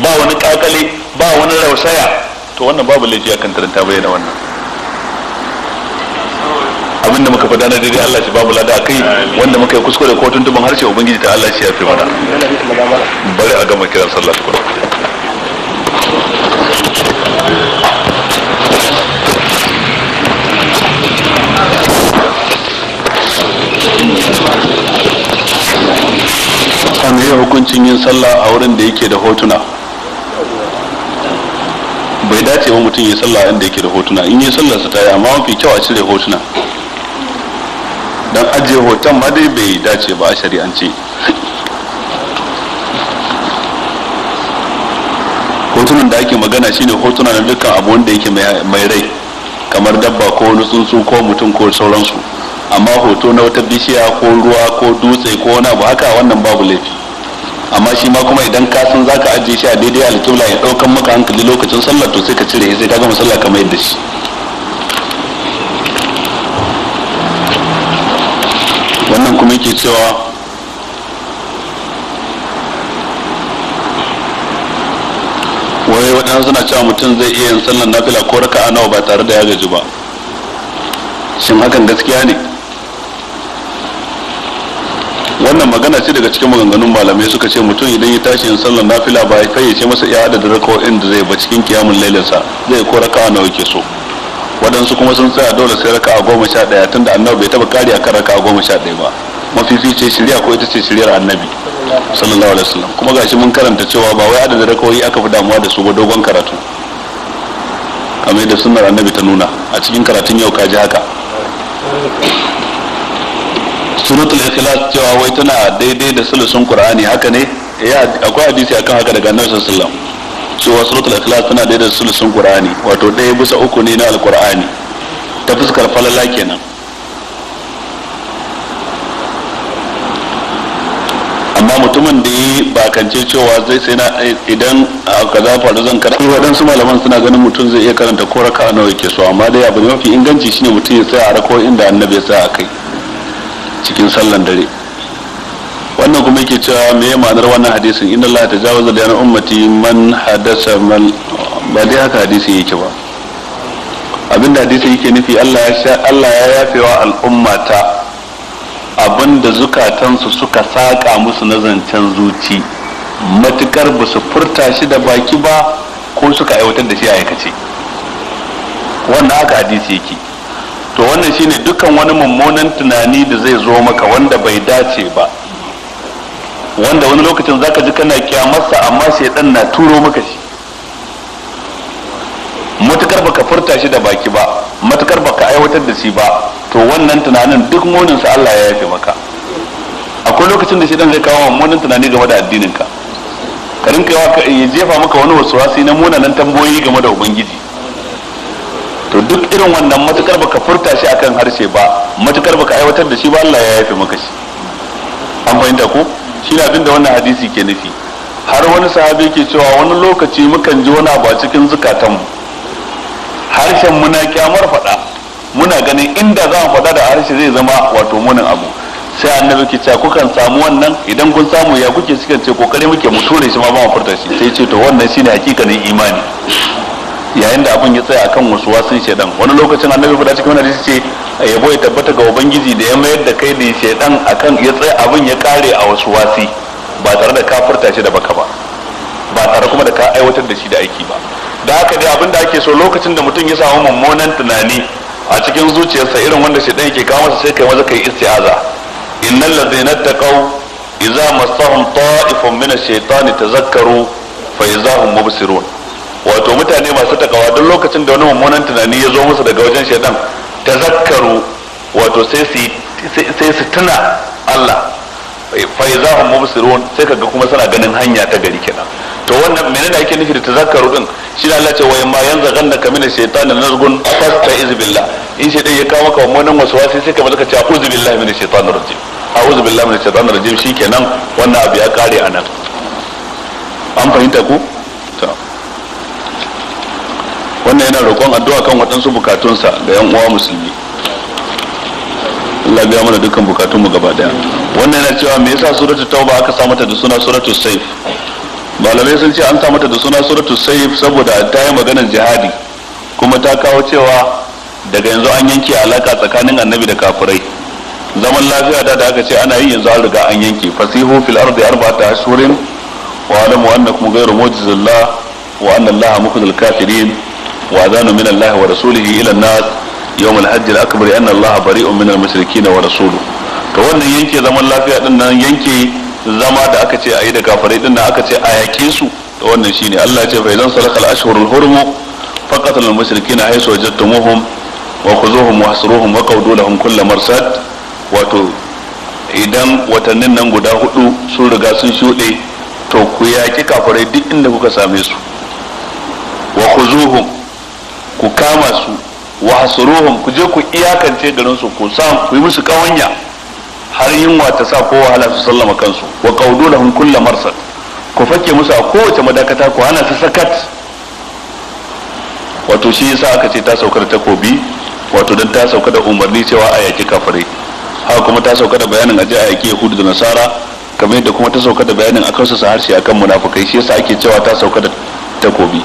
S1: ba wani kakale ba wani rausaya to wannan babu laifi akan taranta bayyana wannan abinda muka faɗa na daidai Allah shi babu lada kai wanda muka yi kuskure ko tuntuban harshe ubangiji ta Allah shi ya fi mana bari a gama kiran sallah tukuna me hukuncin yin sallah a wurin da yake da hotuna bai dace ba mutum ya sallah inda yake da hotuna in yi sallah su tayi amma mafi kyau a cire hotuna don ajiye hoton ma dai bai dace ba a shari'ance hotunan da ake magana shine hotuna na dukkan abu wanda yake mai rai kamar dabba ko wani tsuntsu ko mutum ko sauransu amma hoto na wata bishiya ko ruwa ko dutse ko wani abu haka wannan babu laifi amma shi ma kuma idan ka san zaka ajiye shi a daidai alƙibla ya daukan maka hankali lokacin sallar to sai ka cire sai ka gama sallah kamar yadda shi wannan kuma yake cewa wai waɗansu suna cewa mutum zai iya yin sallar nafila ko raka'a nawa ba tare da ya gaji ba shin hakan gaskiya ne wannan magana ce daga cikin maganganun malamai suka ce mutum idan ya tashi yin sallar nafila ba ya ce masa iya adadin rakawoyin da zai ba cikin kiyamun lailinsa zai ko rakawa nawa ke so waɗansu kuma sun tsaya dole sai raka'a goma sha ɗaya tunda annabi bai taɓa kari akan a goma sha ɗaya ba mafifi ce shirya ko ita ce shiryar annabi sallallahu alaihi wasallam kuma gashi mun karanta cewa ba wai adadin rakawoyi aka fi damuwa da su ba dogon karatu kamar yadda sunnar annabi ta nuna a cikin karatun yau ka ji haka suratul ikhlas cewa wai tana daidai da sulusun qur'ani haka ne ya eh, akwai hadisi akan haka daga annabi sallallahu alaihi wasallam cewa suratul ikhlas tana daidai da sulusun qur'ani wato ɗaya bisa uku ne na alqur'ani ta fuskar falala kenan amma mutumin da yi bakance cewa zai sai na idan kaza faru zan karanta waɗansu malaman suna ganin mutum zai iya karanta ko raka nawa yake so amma dai abu ne mafi inganci shine mutum ya tsaya a rako inda annabi ya tsaya a kai cikin sallan dare wannan kuma yake cewa me ya ma'anar wannan hadisin inna Allah ta jawaza da ummati man hadasa man ba dai haka hadisin yake ba abinda hadisin yake nufi Allah ya sha Allah ya yafewa al'ummata abinda zukatansu suka saka musu na zancen zuci matukar ba su furta shi da baki ba ko suka aiwatar da shi a aikace wannan haka hadisi yake to wannan shine dukkan wani mummunan tunani da zai zo maka wanda bai dace ba wanda wani lokacin zaka ji kana kyamarsa amma shaidan na turo maka shi matukar baka furta shi da baki ba matukar baka aiwatar da shi ba to wannan tunanin duk munin sa Allah ya yafe maka akwai lokacin da shaidan zai kawo mummunan tunani game da addinin ka ka rinka ya jefa maka wani wasu wasi na munanan tambayoyi game da ubangiji to duk irin wannan matukar baka furta shi akan harshe ba matukar baka aiwatar da shi ba Allah ya yafe maka shi an fahimta ku? shi na abin da wannan hadisi ke nufi har wani sahabi ke cewa wani lokaci mukan ji wani abu a cikin zukatanmu harshen muna kyamar faɗa muna ganin inda za mu faɗa da harshe zai zama wato munin abu sai annabi ke cewa kukan samu wannan idan kun samu ya kuke cikin ce kokari muke mu tore shi ma ba mu furta shi sai ce to wannan shine hakikanin imani yayin da abin ya tsaya akan wasu wasan shaidan wani lokacin annabi fada cikin wani ce yabo ya tabbata ga ubangiji da ya mayar da kai da shaidan akan ya tsaya abin ya kare a wasu wasi ba tare da ka furta shi da baka ba ba tare kuma da ka aiwatar da shi da aiki ba da haka dai abin da ake so lokacin da mutum ya samu mummunan tunani a cikin zuciyarsa irin wanda shaidan yake kawo masa sai kai maza kai isti'aza innal ladzina taqaw idza massahum ta'ifun min ash-shaytani tazakkaru fa idza hum mubsirun wato mutane masu takawa duk lokacin da wani mummunan tunani ya zo musu daga wajen shaidan ta zakaru wato sai su tuna Allah fa idza mubsirun sai kaga kuma suna ganin hanya ta gari kenan to wannan da ake nufi da ta zakaru din shi da Allah ce wa yamma yanzu ganna ka mina shaytanin nazgun fasta izbillah billah in shaytan ya kawo maka wannan waswasi sai ka bazaka ce a'udhu billahi minash shaitanir rajim a'udhu billahi minash shaitanir rajim shikenan wannan abu ya kare anan an fahimta ku to wannan yana roƙon addu'a kan waɗansu bukatunsa ga yan uwa musulmi Allah ya mana dukkan bukatunmu gaba daya wannan yana cewa me yasa suratul tauba aka sa mata da suna suratul saif malamai sun ce an sa mata da suna suratul saif saboda ta yi maganar jihadi kuma ta kawo cewa daga yanzu an yanke alaka tsakanin annabi da kafirai zaman lafiya da da aka ce ana yi yanzu an riga an yanke fasihu fil ardi arba'ata ashhurin wa alamu annakum ghayru mu'jizillah wa anna allaha mukhlil kafirin wa azanu min Allah wa rasulihi ila nas yawm al-hajj al-akbar anna Allah bari'un min al-mushrikeen wa rasuluhu to wannan yanke zaman lafiya din nan yanke zama da aka ce ayi da kafirai din nan aka ce a yake su to wannan shine Allah ya ce fa idan salaka al-ashhurul hurum faqatul al-mushrikeen haythu wajadtumuhum wa khuzuhum wa hasruhum wa qawdu lahum kull marsad wato idan watannin nan guda hudu sun riga sun shuɗe to ku yaƙi kafirai duk inda kuka same su wa khuzuhum ku kama su wa hasuruhum ku je ku iyakance garin su ku sa ku yi musu kawanya har yunwa ta sa ko wahala su sallama kansu wa qaudu lahum kull marsad ku fake musu a kowace madakata ku hana su sakat wato shi yasa aka ce ta saukar takobi wato dan ta sauka da umarni cewa a yaki kafare haka kuma ta sauka da bayanin aje a yaki yahudu da nasara kamar yadda kuma ta sauka da bayanin akan su harshe akan munafikai shi yasa ake cewa ta sauka da takobi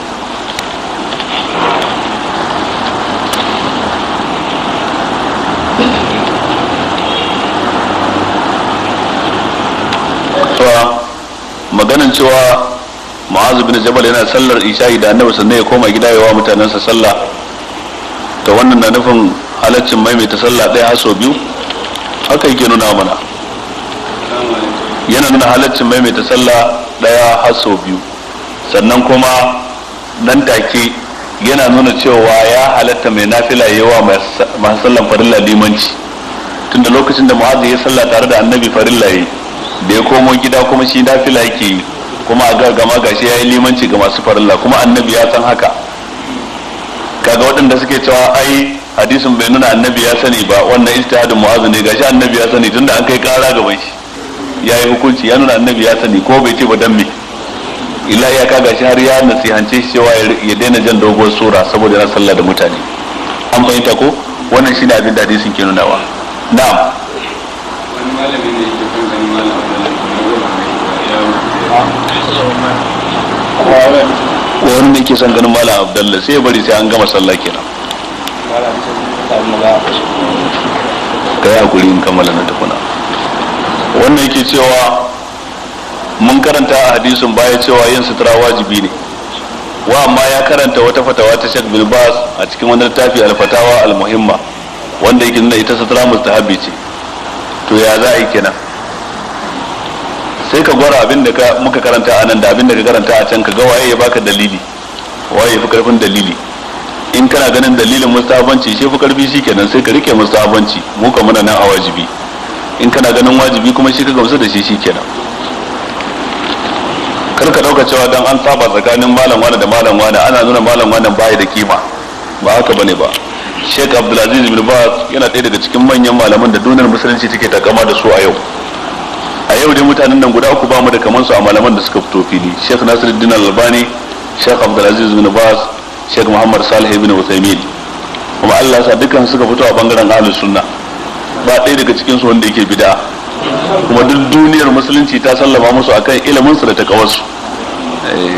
S1: maganin cewa ma'azu bin jabal yana sallar isha'i da annabi sannan ya koma gida yawa mutanensa sallah to wannan na nufin halaccin maimaita sallah ɗaya haso sau biyu haka yake nuna mana yana nuna halaccin maimaita sallah ɗaya haso sau biyu sannan kuma nan take yana nuna cewa ya halatta mai nafila yawa masu sallan farilla limanci tunda lokacin da ma'azu ya sallah tare da annabi farilla yayi da ya komo gida kuma shi fila yake yi kuma a gargama ya yi limanci ga masu farilla kuma annabi ya san haka kaga waɗanda suke cewa ai hadisin bai nuna annabi ya sani ba wannan istihadin mu'azu ne gashi annabi ya sani tunda an kai kara ga shi ya yi hukunci ya nuna annabi ya sani ko bai ce ba dan me illa ya kaga shi har ya nasihance shi cewa ya daina jan doguwar sura saboda na sallah da mutane an fahimta ko wannan shi da abin da hadisin ke nunawa na'am wani malami ne wani ne ke son ganin mala abdallah sai bari sai an gama sallah kenan ka yi hakuri in kammala na tukuna wannan yake cewa mun karanta a hadisin baya cewa yin sutura wajibi ne wa amma ya karanta wata fatawa ta Sheikh Bilbas a cikin wani littafi alfatawa al-muhimma wanda yake nuna ita sutura mustahabi ce to ya za a yi kenan sai ka gwara abin da muka karanta a nan da abin da ka karanta a can ka ga waye ya baka dalili waye ya fi karfin dalili in kana ganin dalilin mustahabanci shi fi karfi shi kenan sai ka rike mustahabanci mu ka muna nan a wajibi in kana ganin wajibi kuma shi ka gamsu da shi shi kenan kar ka dauka cewa dan an saba tsakanin malam wani da malam wani ana nuna malam wani bai da kima ba haka bane ba Sheikh Abdulaziz bin Baz yana ɗaya daga cikin manyan malaman da duniyar musulunci take takama da su a yau a yau dai mutanen nan guda uku ba mu da kaman su a malaman da suka fito fili Sheikh Nasiruddin Albani Sheikh Abdulaziz bin bas Sheikh Muhammad Salih bin Uthaymeen kuma Allah sa dukkan suka fito a bangaren Ahlus Sunna ba ɗaya daga cikin su wanda yake bid'a kuma duk duniyar musulunci ta sallama musu akan ilimin su da su. Eh.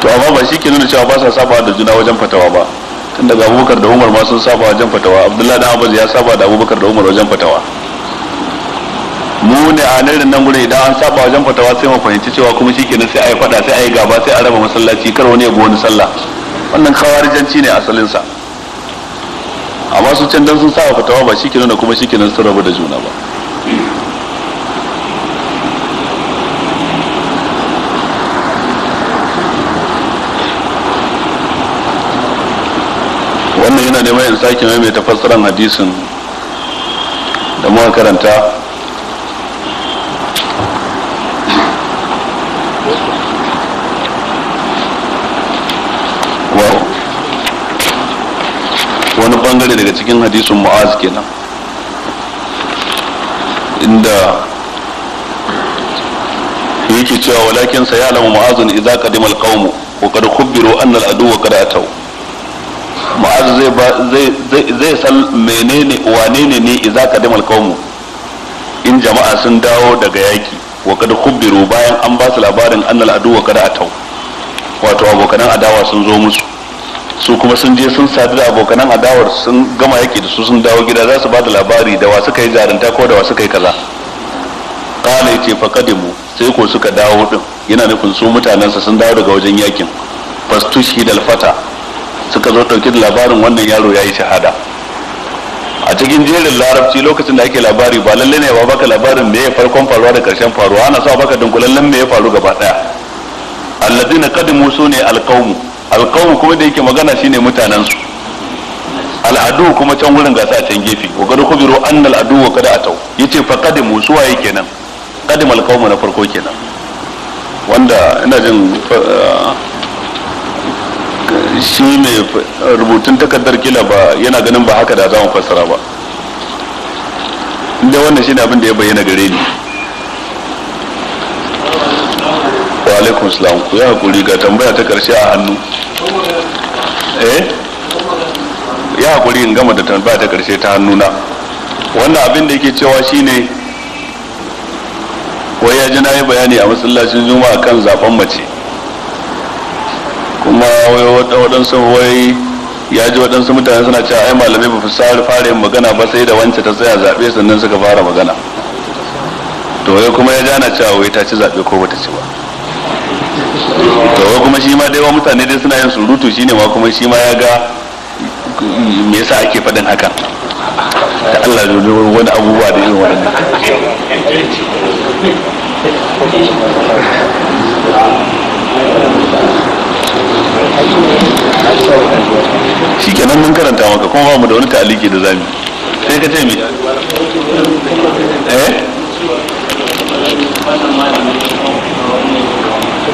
S1: to amma ba shi ke nuna cewa ba sa saba da juna wajen fatawa ba tun daga Abubakar da Umar ma sun saba wajen fatawa Abdullahi da Abbas ya saba da Abubakar da Umar wajen fatawa mu ne a nan nan gure idan an saba wajen fatawa sai mu fahimci cewa kuma shikenan sai ayi fada sai ayi gaba sai a raba masallaci kar wani ya bi wani sallah wannan kawarijanci ne asalin sa amma su can dan sun saba fatawa ba shikenan da kuma shikenan sun rabu da juna ba wannan yana neman in sake mai mai tafassaran hadisin da muka karanta bangare daga cikin hadisin mu'az kenan inda yake cewa walakin sa ya'lamu mu'azun idza qadima al-qawm wa qad khubbiru anna al-adu wa qad ataw mu'az zai zai zai san menene wane ne ne idza qadima al in jama'a sun dawo daga yaki wa qad khubbiru bayan an ba su labarin anna al-adu wa qad ataw wato abokan adawa sun zo musu su kuma sun je sun sadu da abokanan adawar sun gama yaki da su sun dawo gida za su ba da labari da wa suka jarinta ko da wa suka kaza kala yace fa kadimu sai ko suka dawo din yana nufin su mutanensa sun dawo daga wajen yakin Fastushi da fata suka zo dauke da labarin wannan yaro ya yi shahada a cikin jerin larabci lokacin da ake labari ba lalle ne ba baka labarin me ya farkon faruwa da karshen faruwa ana sa baka dunkulallen me ya faru gaba daya alladina kadimu sune alqaumu Alƙawu kuma da yake magana shine mutanen su al'adu kuma can wurin gasa a can gefe wa ku biro an al'adu wa qad ataw yace fa qadimu suwa yake nan qadim alqawm na farko kenan wanda ina jin uh, shi ne rubutun takardar kila ba yana ganin ba haka da za mu fassara ba inda wannan shi ne abin da ya bayyana gare ni alaikum salam ku yi hakuri ga tambaya ta karshe a hannu eh ya hakuri in gama da tambaya ta karshe ta hannuna wannan abin da yake cewa shine wai ya ji na yi bayani a masallacin juma'a kan zaben mace kuma waɗansu wai ya ji waɗansu mutane suna cewa ai malamai ba su fara yin magana ba sai da wance ta tsaya zaɓe sannan suka fara magana to wai kuma ya jana cewa wai ta ci zaɓe ko bata ci ba to kuma shi ma dai wa mutane dai suna yin surutu shi ne ma kuma shi ma ya ga me yasa ake faɗin haka da Allah da wani abubuwa da irin wani shi kenan mun karanta maka kuma ba mu da wani ta'aliki da zami sai ka ce me eh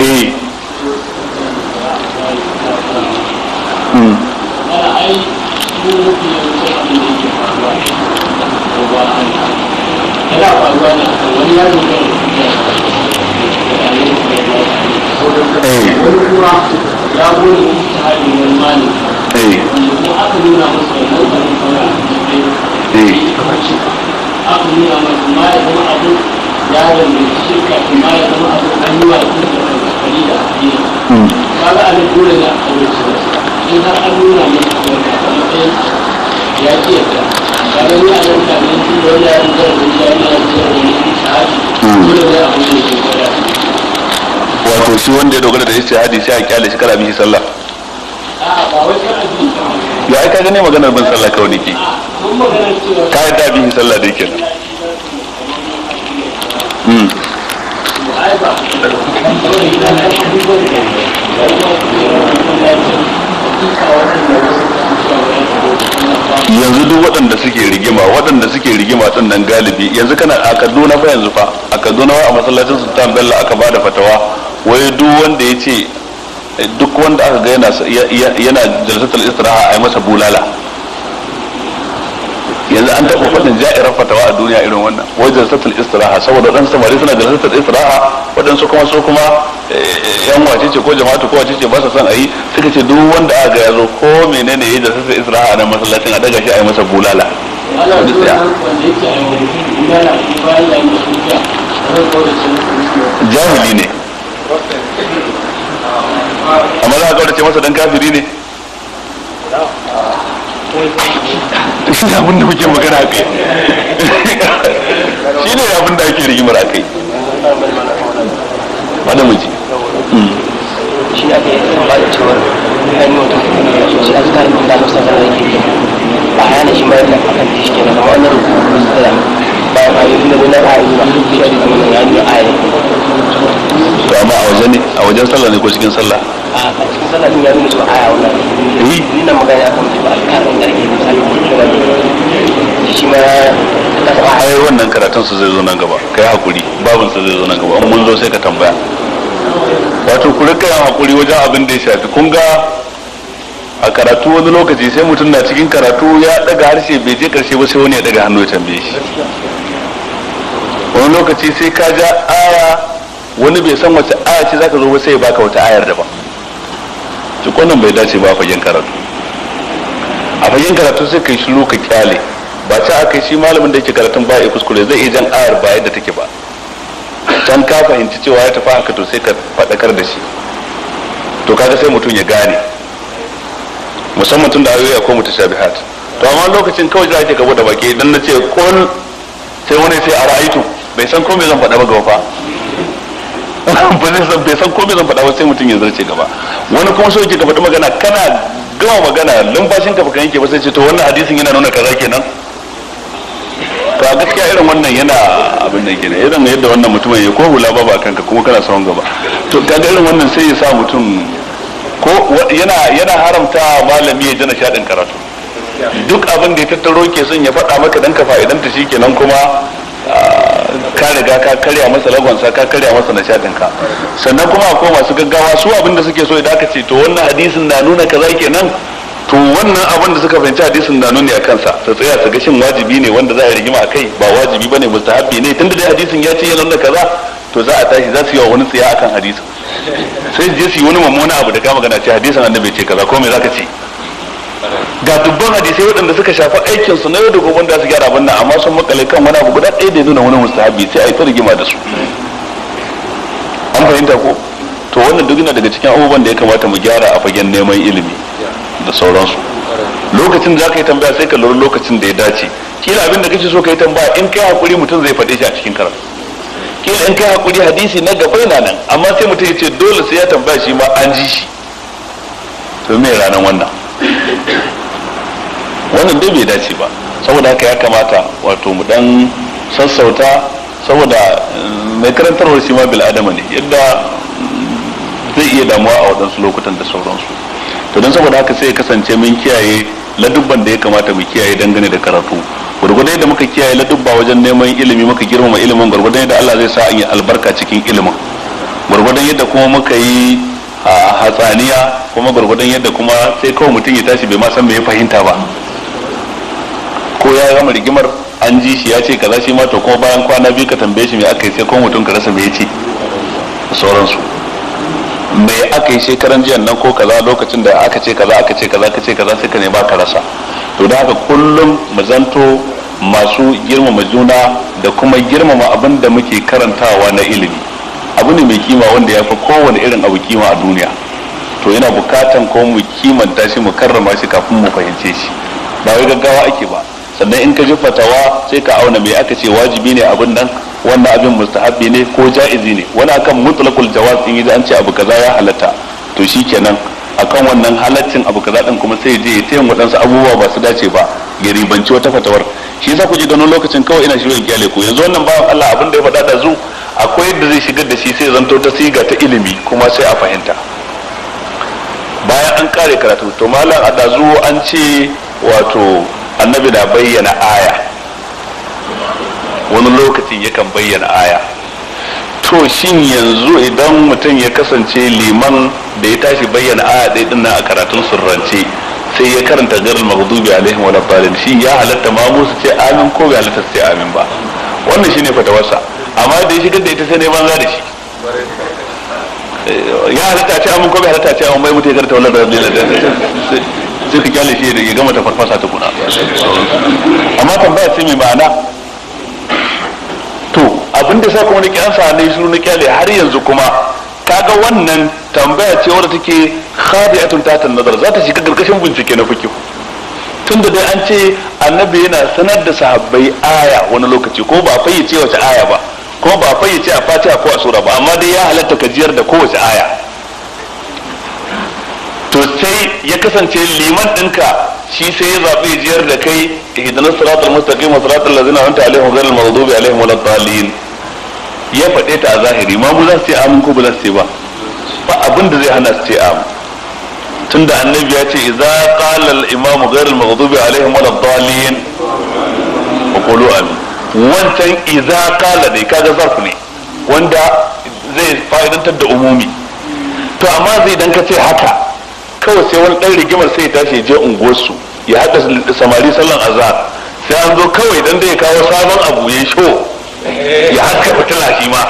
S1: eh kaga a dole ne a kawo in har an nuna a ya ce ba da ni a nan da ne shi da wani wani a wani da ke wato shi wanda ya dogara da a kyale shi kala bishi sallah a'a sallah ya aika gane maganar ban sallah kawai ne ke ka yadda sallah da yake nan hmm. yanzu duk waɗanda suke rigima waɗanda suke rigima ɗin nan galibi yanzu kana a kaduna fa yanzu fa a kaduna a masallacin sultan bello aka ba da fatawa wai duk wanda ya ce duk wanda aka ga yana jalsatar istiraha a yi masa bulala yanzu an taɓa faɗin ja'irar fatawa a duniya irin wannan wai jalsatul istiraha saboda dan samari suna jalsatul istiraha waɗansu kuma su kuma eh, yan wace ce ko jama'atu ko wace ce ba su son a yi suka ce duk wanda aka ga ya zo ko menene yayi jalsatul istiraha a nan masallacin a daga shi a yi masa bulala jahili ne amma za a ce masa dan kafiri ne shi ne abinda kuke magana kai shi ne abinda ake rigimar kai wanda muji hmm. shi ake ba da yi wata kuma ya so ba shi da shi wannan da yi ba shi yi to amma a wajen ne a wajen ko cikin sallah a cikin sallah ya nuna cewa aya wannan eh. ni shi wannan karatun su zai zo nan gaba kai hakuri babin su zai zo nan gaba in mun zo sai ka tambaya wato ku rika yin hakuri wajen abin da ya shafi kun ga a karatu wani lokaci sai mutum na cikin karatu ya daga harshe bai je karshe ba sai wani ya daga hannu ya tambaye shi wani lokaci sai ka ja aya wani bai san wace aya ce zaka zo ba sai ya baka wata ayar daban cikon wannan bai dace ba fagen karatu a fagen karatu sai kai shi ka kyale ba ta aka shi malamin da yake karatun ba ya kuskure zai iya jan ayar ba yadda take ba can ka fahimci cewa ya tafi haka to sai ka faɗakar da shi to kaga sai mutum ya gane musamman tun da ayoyi ko mutashabihat to amma lokacin kawai za ka gaba da baki dan ce kon sai wani sai ra'ayitu bai san komai zan faɗa ba gaba fa ba san bai san komai zan faɗa ba sai mutum ya zarce gaba wani kuma so yake gaba faɗi magana kana gama magana lumfashin ka baka yanke ba sai ce to wannan hadisin yana nuna kaza kenan to a gaskiya irin wannan yana abin da kenan irin yadda wannan mutumin ya ko hula ba kanka kuma kana sawon gaba to kaga irin wannan sai ya sa mutum ko yana yana haramta malami ya jana shaɗin karatu duk abin da ya tattaro ke son ya faɗa maka dan ka fa'idanta ta kenan kuma ah, ka riga ka karya masa lagonsa ka karya masa nishadin ka sannan kuma akwai masu gaggawa su abin da suke so idan aka ce to wannan hadisin na nuna kaza kenan to wannan abin da suka fahimci hadisin na nuni a kansa ta tsaya ta ga shin wajibi ne wanda za a rigima a kai ba wajibi bane mustahabi ne tunda dai hadisin ya ce yana nuna kaza to za a tashi za su yi wa wani tsaya akan hadisin sai je su yi wani mummuna abu da ka magana ce hadisin annabi ce kaza ko me zaka ce ga dubban hadisai waɗanda suka shafi aikin su na yau da gobe da su gyara abin amma sun makale kan wani abu guda ɗaya da ya nuna wani mustahabi sai a yi ta da su an fahimta ko to wannan duk yana daga cikin abubuwan da ya kamata mu gyara a fagen neman ilimi da sauransu lokacin da zaka yi tambaya sai ka lura lokacin da ya dace kila abin da kake so ka yi tambaya in kai hakuri mutum zai faɗe shi a cikin karatu kila in kai hakuri hadisi na gaba yana nan amma sai mutum ya ce dole sai ya tambaya shi ma an ji shi to me ranar wannan wannan dai bai dace ba saboda haka ya kamata wato mu dan sassauta saboda eh, mai karantarwar shi ma bil adama ne yadda zai iya damuwa a waɗansu lokutan da sauransu to don saboda haka sai ya kasance mun kiyaye ladubban da ya kamata mu kiyaye dangane da karatu gwargwadon yadda muka kiyaye ladubba wajen neman ilimi muka girmama ilimin gwargwadon yadda Allah zai sa an yi albarka cikin ilimin gwargwadon yadda kuma muka yi a hatsaniya kuma gwargwadon yadda kuma sai kawai mutum ya tashi bai ma san ya fahimta ba ko ya gama rigimar an ji shi ya ce kaza shi ma to kuma bayan kwana biyu ka tambaye shi me aka yi sai kawai mutum ka rasa mai ya ce sauransu mai aka yi shekaran jiyan nan ko kaza lokacin da aka ce kaza aka ce kaza aka ce kaza sai ka ne ba ka rasa to da haka kullum mu zanto masu girmama juna da kuma girmama abin da muke karantawa na ilimi abu ne mai kima wanda ya fi kowane irin abu kima a duniya to yana bukatan ko mu kimanta shi mu karrama shi kafin mu fahimce shi ba wai gaggawa ake ba sannan in ka ji fatawa sai ka auna mai aka ce wajibi ne abin nan wannan abin mustahabi ne ko ja'izi ne wani akan mutlaqul jawaz in yi an ce abu kaza ya halatta to shikenan akan wannan halaccin abu kaza din kuma sai je ta yin wadansu abubuwa ba su dace ba ya ribanci wata fatawar shi yasa ku ji ganin lokacin kawai ina shirin kyale ku yanzu wannan ba Allah abin da ya faɗa da zu akwai yadda zai shigar da shi sai zanto ta siga ta ilimi kuma sai a fahimta bayan an kare karatu to malam a dazu an ce wato annabi na bayyana aya wani lokacin yakan bayyana aya to shin yanzu idan mutum ya kasance liman da ya tashi bayyana aya ɗaya ɗin a karatun surrance sai ya karanta garin maghdubi alaihim wa shi ya halatta ma musu ce amin ko bai halatta sai amin ba wannan shine fatawarsa amma da ya shigar da ita sai ne banza da shi ya halatta ce amin ko bai halatta ce amma bai mutu ya karta wannan da sai ka kyale shi ya gama ta farfasa ta kuna amma tambaya ce mai ma'ana to abinda sa kuma na kiran sa ne shiru na kyale har yanzu kuma kaga wannan tambaya ce wadda take khadi'atun tatan nazar za ta shiga gargashin bincike na fikihu tun da dai an ce annabi yana sanar da sahabbai aya wani lokaci ko ba a fayyace wace aya ba Kuma ba yace a fatiha ko a sura ba amma dai ya halatta ka jiyar da kowace aya to sai ya kasance liman ɗinka shi sai ya zaɓi jiyar da kai ihdinas siratal mustaqim wa siratal ladzina an'amta alaihim ghayril maghdubi alaihim waladdallin ya faɗe ta a zahiri ma mu za su ce amin ko ba za su ce ba ba abin da zai hana su ce amin tunda annabi ya ce idza qala al imam ghayril maghdubi alaihim waladdallin fa qulu amin wancan iza kala ne kaga zarf ne wanda zai fa'idantar da umumi to amma zai dan ka ce haka kawai sai wani dan rigimar sai ya tashi je unguwarsu ya haɗa samari sallan azhar sai an zo kawai dan da ya kawo sabon abu ya sho ya haska fitila shi ma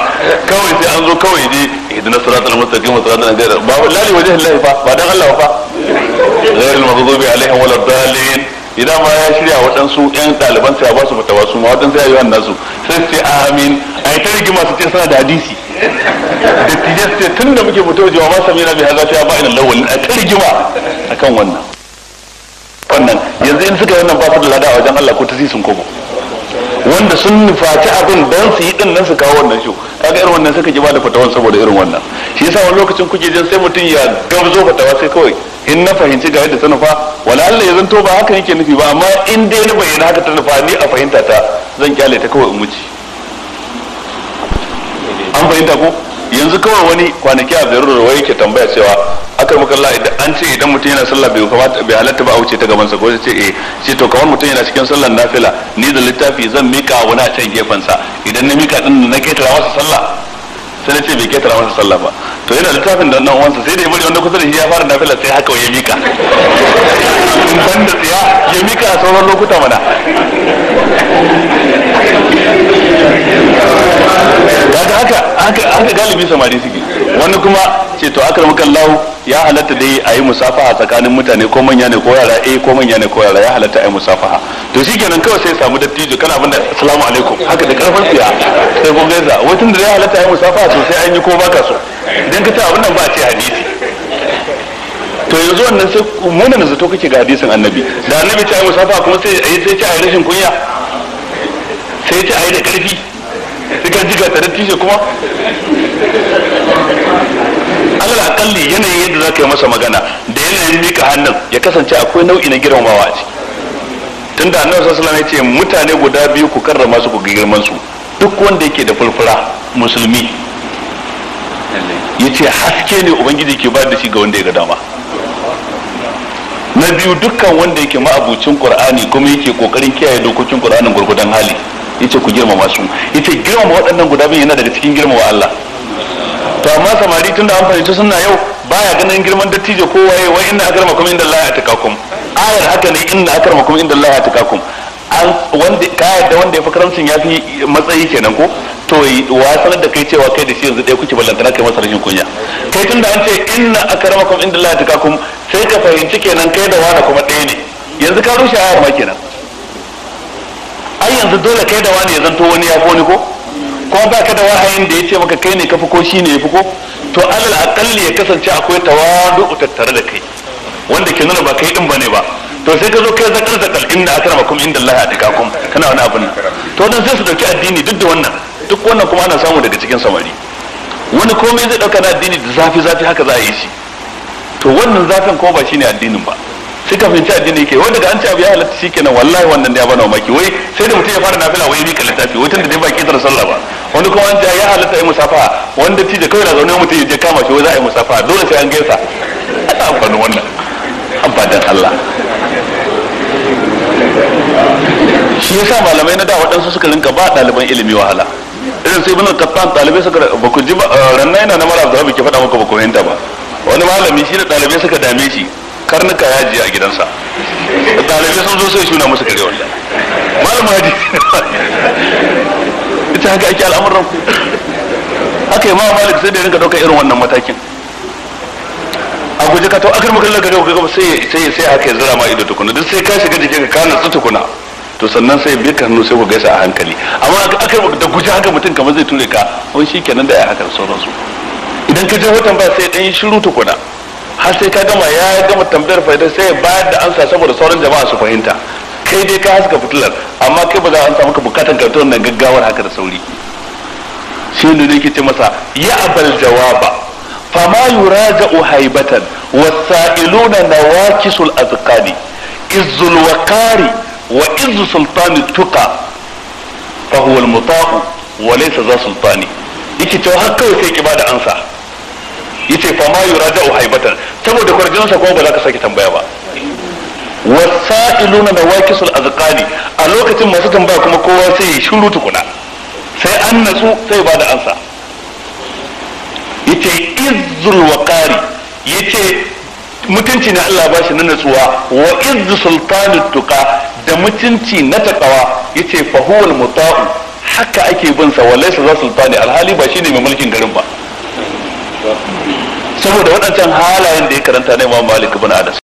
S1: kawai sai an zo kawai je idan na suratul mustaqim wa suratul najiyar ba wallahi wajhi Allah fa ba dan Allah fa ghayril maghdubi alaihim waladdallin idan ma ya shirya waɗansu yan ɗaliban sai ba su fatawa su ma waɗansu yi wannan nasu sai su ce amin a yi ta rigima su ce suna da hadisi da su ce tun da muke fito ma ba sami na bai ya ba ina lawali a ta rigima a kan wannan wannan yanzu in suka wannan ba su da lada a wajen Allah ko ta sun kobo wanda sun nufaci abin don su yi din nan su kawo wannan shi kaga irin wannan suka ji ba da fatawan saboda irin wannan shi yasa wani lokacin kuke jin sai mutum ya gamzo fatawa sai kawai in na fahimci ga yadda ta nufa wala Allah ya zanto ba haka yake nufi ba amma in dai na bayyana haka ta nufa ni a fahimta ta zan kyale ta kawai in wuce an fahimta ko yanzu kawai wani kwanaki a biyar da yake tambaya cewa aka yi makalla idan an ce idan mutum yana sallah bai kamata bai halatta ba a wuce ta gaban sa ko ce eh sai to kamar mutum yana cikin sallar nafila ni da littafi zan mika wani a can gefen sa idan na mika din na kaita masa sallah sai ce bai ketara masa sallah ba to yana littafin da nan wansa sai da ya bari wanda kusa da shi ya fara nafila sai haka ya mika in san da tsiya ya mika a sauran lokuta mana kaga haka haka galibi samari suke wani kuma ce to akramaka Allah ya halatta dai a yi musafaha tsakanin mutane ko manya ne ko yara eh ko manya ne ko yara ya halatta a yi musafaha to shikenan kawai sai samu dattijo kana abin da assalamu alaikum haka da karfin siya sai kun gaisa wutun da ya halatta a yi musafaha to sai an yi ko baka so idan ka ce abin nan ba a ce hadisi to yanzu wannan sai munan zato kake ga hadisin annabi da annabi ta yi musafaha kuma sai sai ce a yi rashin kunya sai ce a yi da karfi sai ka jiga ta dattijo kuma alal akalli yanayin yadda za ka yi masa magana da yanayin mika hannun ya kasance akwai nau'i na girmamawa a ciki tun da annabi sallallahu alaihi wasallam ya ce mutane guda biyu ku karrama su ku girman su duk wanda yake da fulfura musulmi yace haske ne ubangiji ke ba da shi ga wanda ya ga dama na biyu dukkan wanda yake ma'abucin qur'ani kuma yake kokarin kiyaye dokokin qur'anin gurgudan hali yace ku girmama su yace girmama waɗannan guda biyu yana daga cikin girmama Allah to amma samari tunda an fahimci sunna yau baya ganin girman dattijo ko waye wai inna akramakum inda Allah ya takakum ayar haka ne inna akramakum inda Allah ya takakum an wanda ka yadda wanda ya fi karamcin ya fi matsayi kenan ko to wa sanar da kai cewa kai da shi yanzu dai kuke ballantana kai masa rashin kunya kai tunda an ce inna akramakum inda Allah ya takakum sai ka fahimci kenan kai da wani kuma ɗaya ne yanzu ka rushe ayar ma kenan ai yanzu dole kai da wani ya zanto wani ya ko ni ko ko ba ka da wahayin da ya ce maka kai ne ka fi ko shi ne ya fi ko to alal aqalli ya kasance akwai tawadu tattare da kai wanda ke nuna ba kai din bane ba to sai ka zo kai zakar zakar inda akramakum inda Allah kana wani abin to dan sai su dauki addini duk da wannan duk wannan kuma ana samu daga cikin samari wani komai zai dauka na addini da zafi zafi haka za a yi shi to wannan zafin ko ba shi ne addinin ba suka fahimci addini ke wanda da an ci abu ya halatta shi kenan wallahi wannan ya bana maki wai sai da mutum ya fara nafila wai mika littafi wai tunda dai ba kitar sallah ba wani kuma an ce ya halatta yi musafa wanda ci da kawai da zaune mutum ya je kama shi wai za a yi musafa dole sai an gaisa ana amfanin wannan amfanin Allah shi yasa malamai na da waɗansu suka rinka ba ɗaliban ilimi wahala irin sai ibn al-qattan ɗalibai suka ba ku ji eh, ranna yana na mara da ki faɗa muku ba ku fahimta ba wani malami shi da ɗalibai suka dame shi karnuka ya jiya a gidansa dalibai sun zo sai suna musu kare wallahi malama haji ita haka ake al'amuran ku haka imam malik sai da rinka ɗaukar irin wannan matakin a guji ka to akar makallar gare ka gaba sai sai sai haka ya zira ma ido tukuna duk sai ka shiga jikin ka kana su tukuna to sannan sai bi ka hannu sai ku gaisa a hankali amma akar da guji haka mutum kamar zai ture ka wani shi kenan da ya haka da sauransu idan ka je watan ba sai ɗan shiru tukuna har sai ka gama ya gama tambayar fa'idar sai ya bayar da ansa saboda sauran jama'a su fahimta kai dai ka haska fitilar amma kai ba za a samu ka nan karatu wannan gaggawar haka da sauri shi ne yake ce masa ya abal jawaba fama yuraja'u haibatan wasailuna nawakisul azqani izzul waqari wa izu sultani tuqa fa huwa al-muta'u wa laysa za sultani yake cewa har kawai sai ki da ansa yace fa ma yuraja'u haibatan saboda kwarjinsa kuma ba za ka sake tambaya ba wasa'iluna nawakisul azqani a lokacin masu tambaya kuma kowa sai ya shiru tukuna sai an natsu sai ba da ansa yace izzul waqari yace mutunci na Allah ba shi na natsuwa wa izzu sultanu da mutunci na takawa yace fahuwal muta'u haka ake bin sa walaysa za sultani alhali ba ne mai mulkin garin ba saboda waɗancan halayen da ya karanta na Imam Malik bin Anas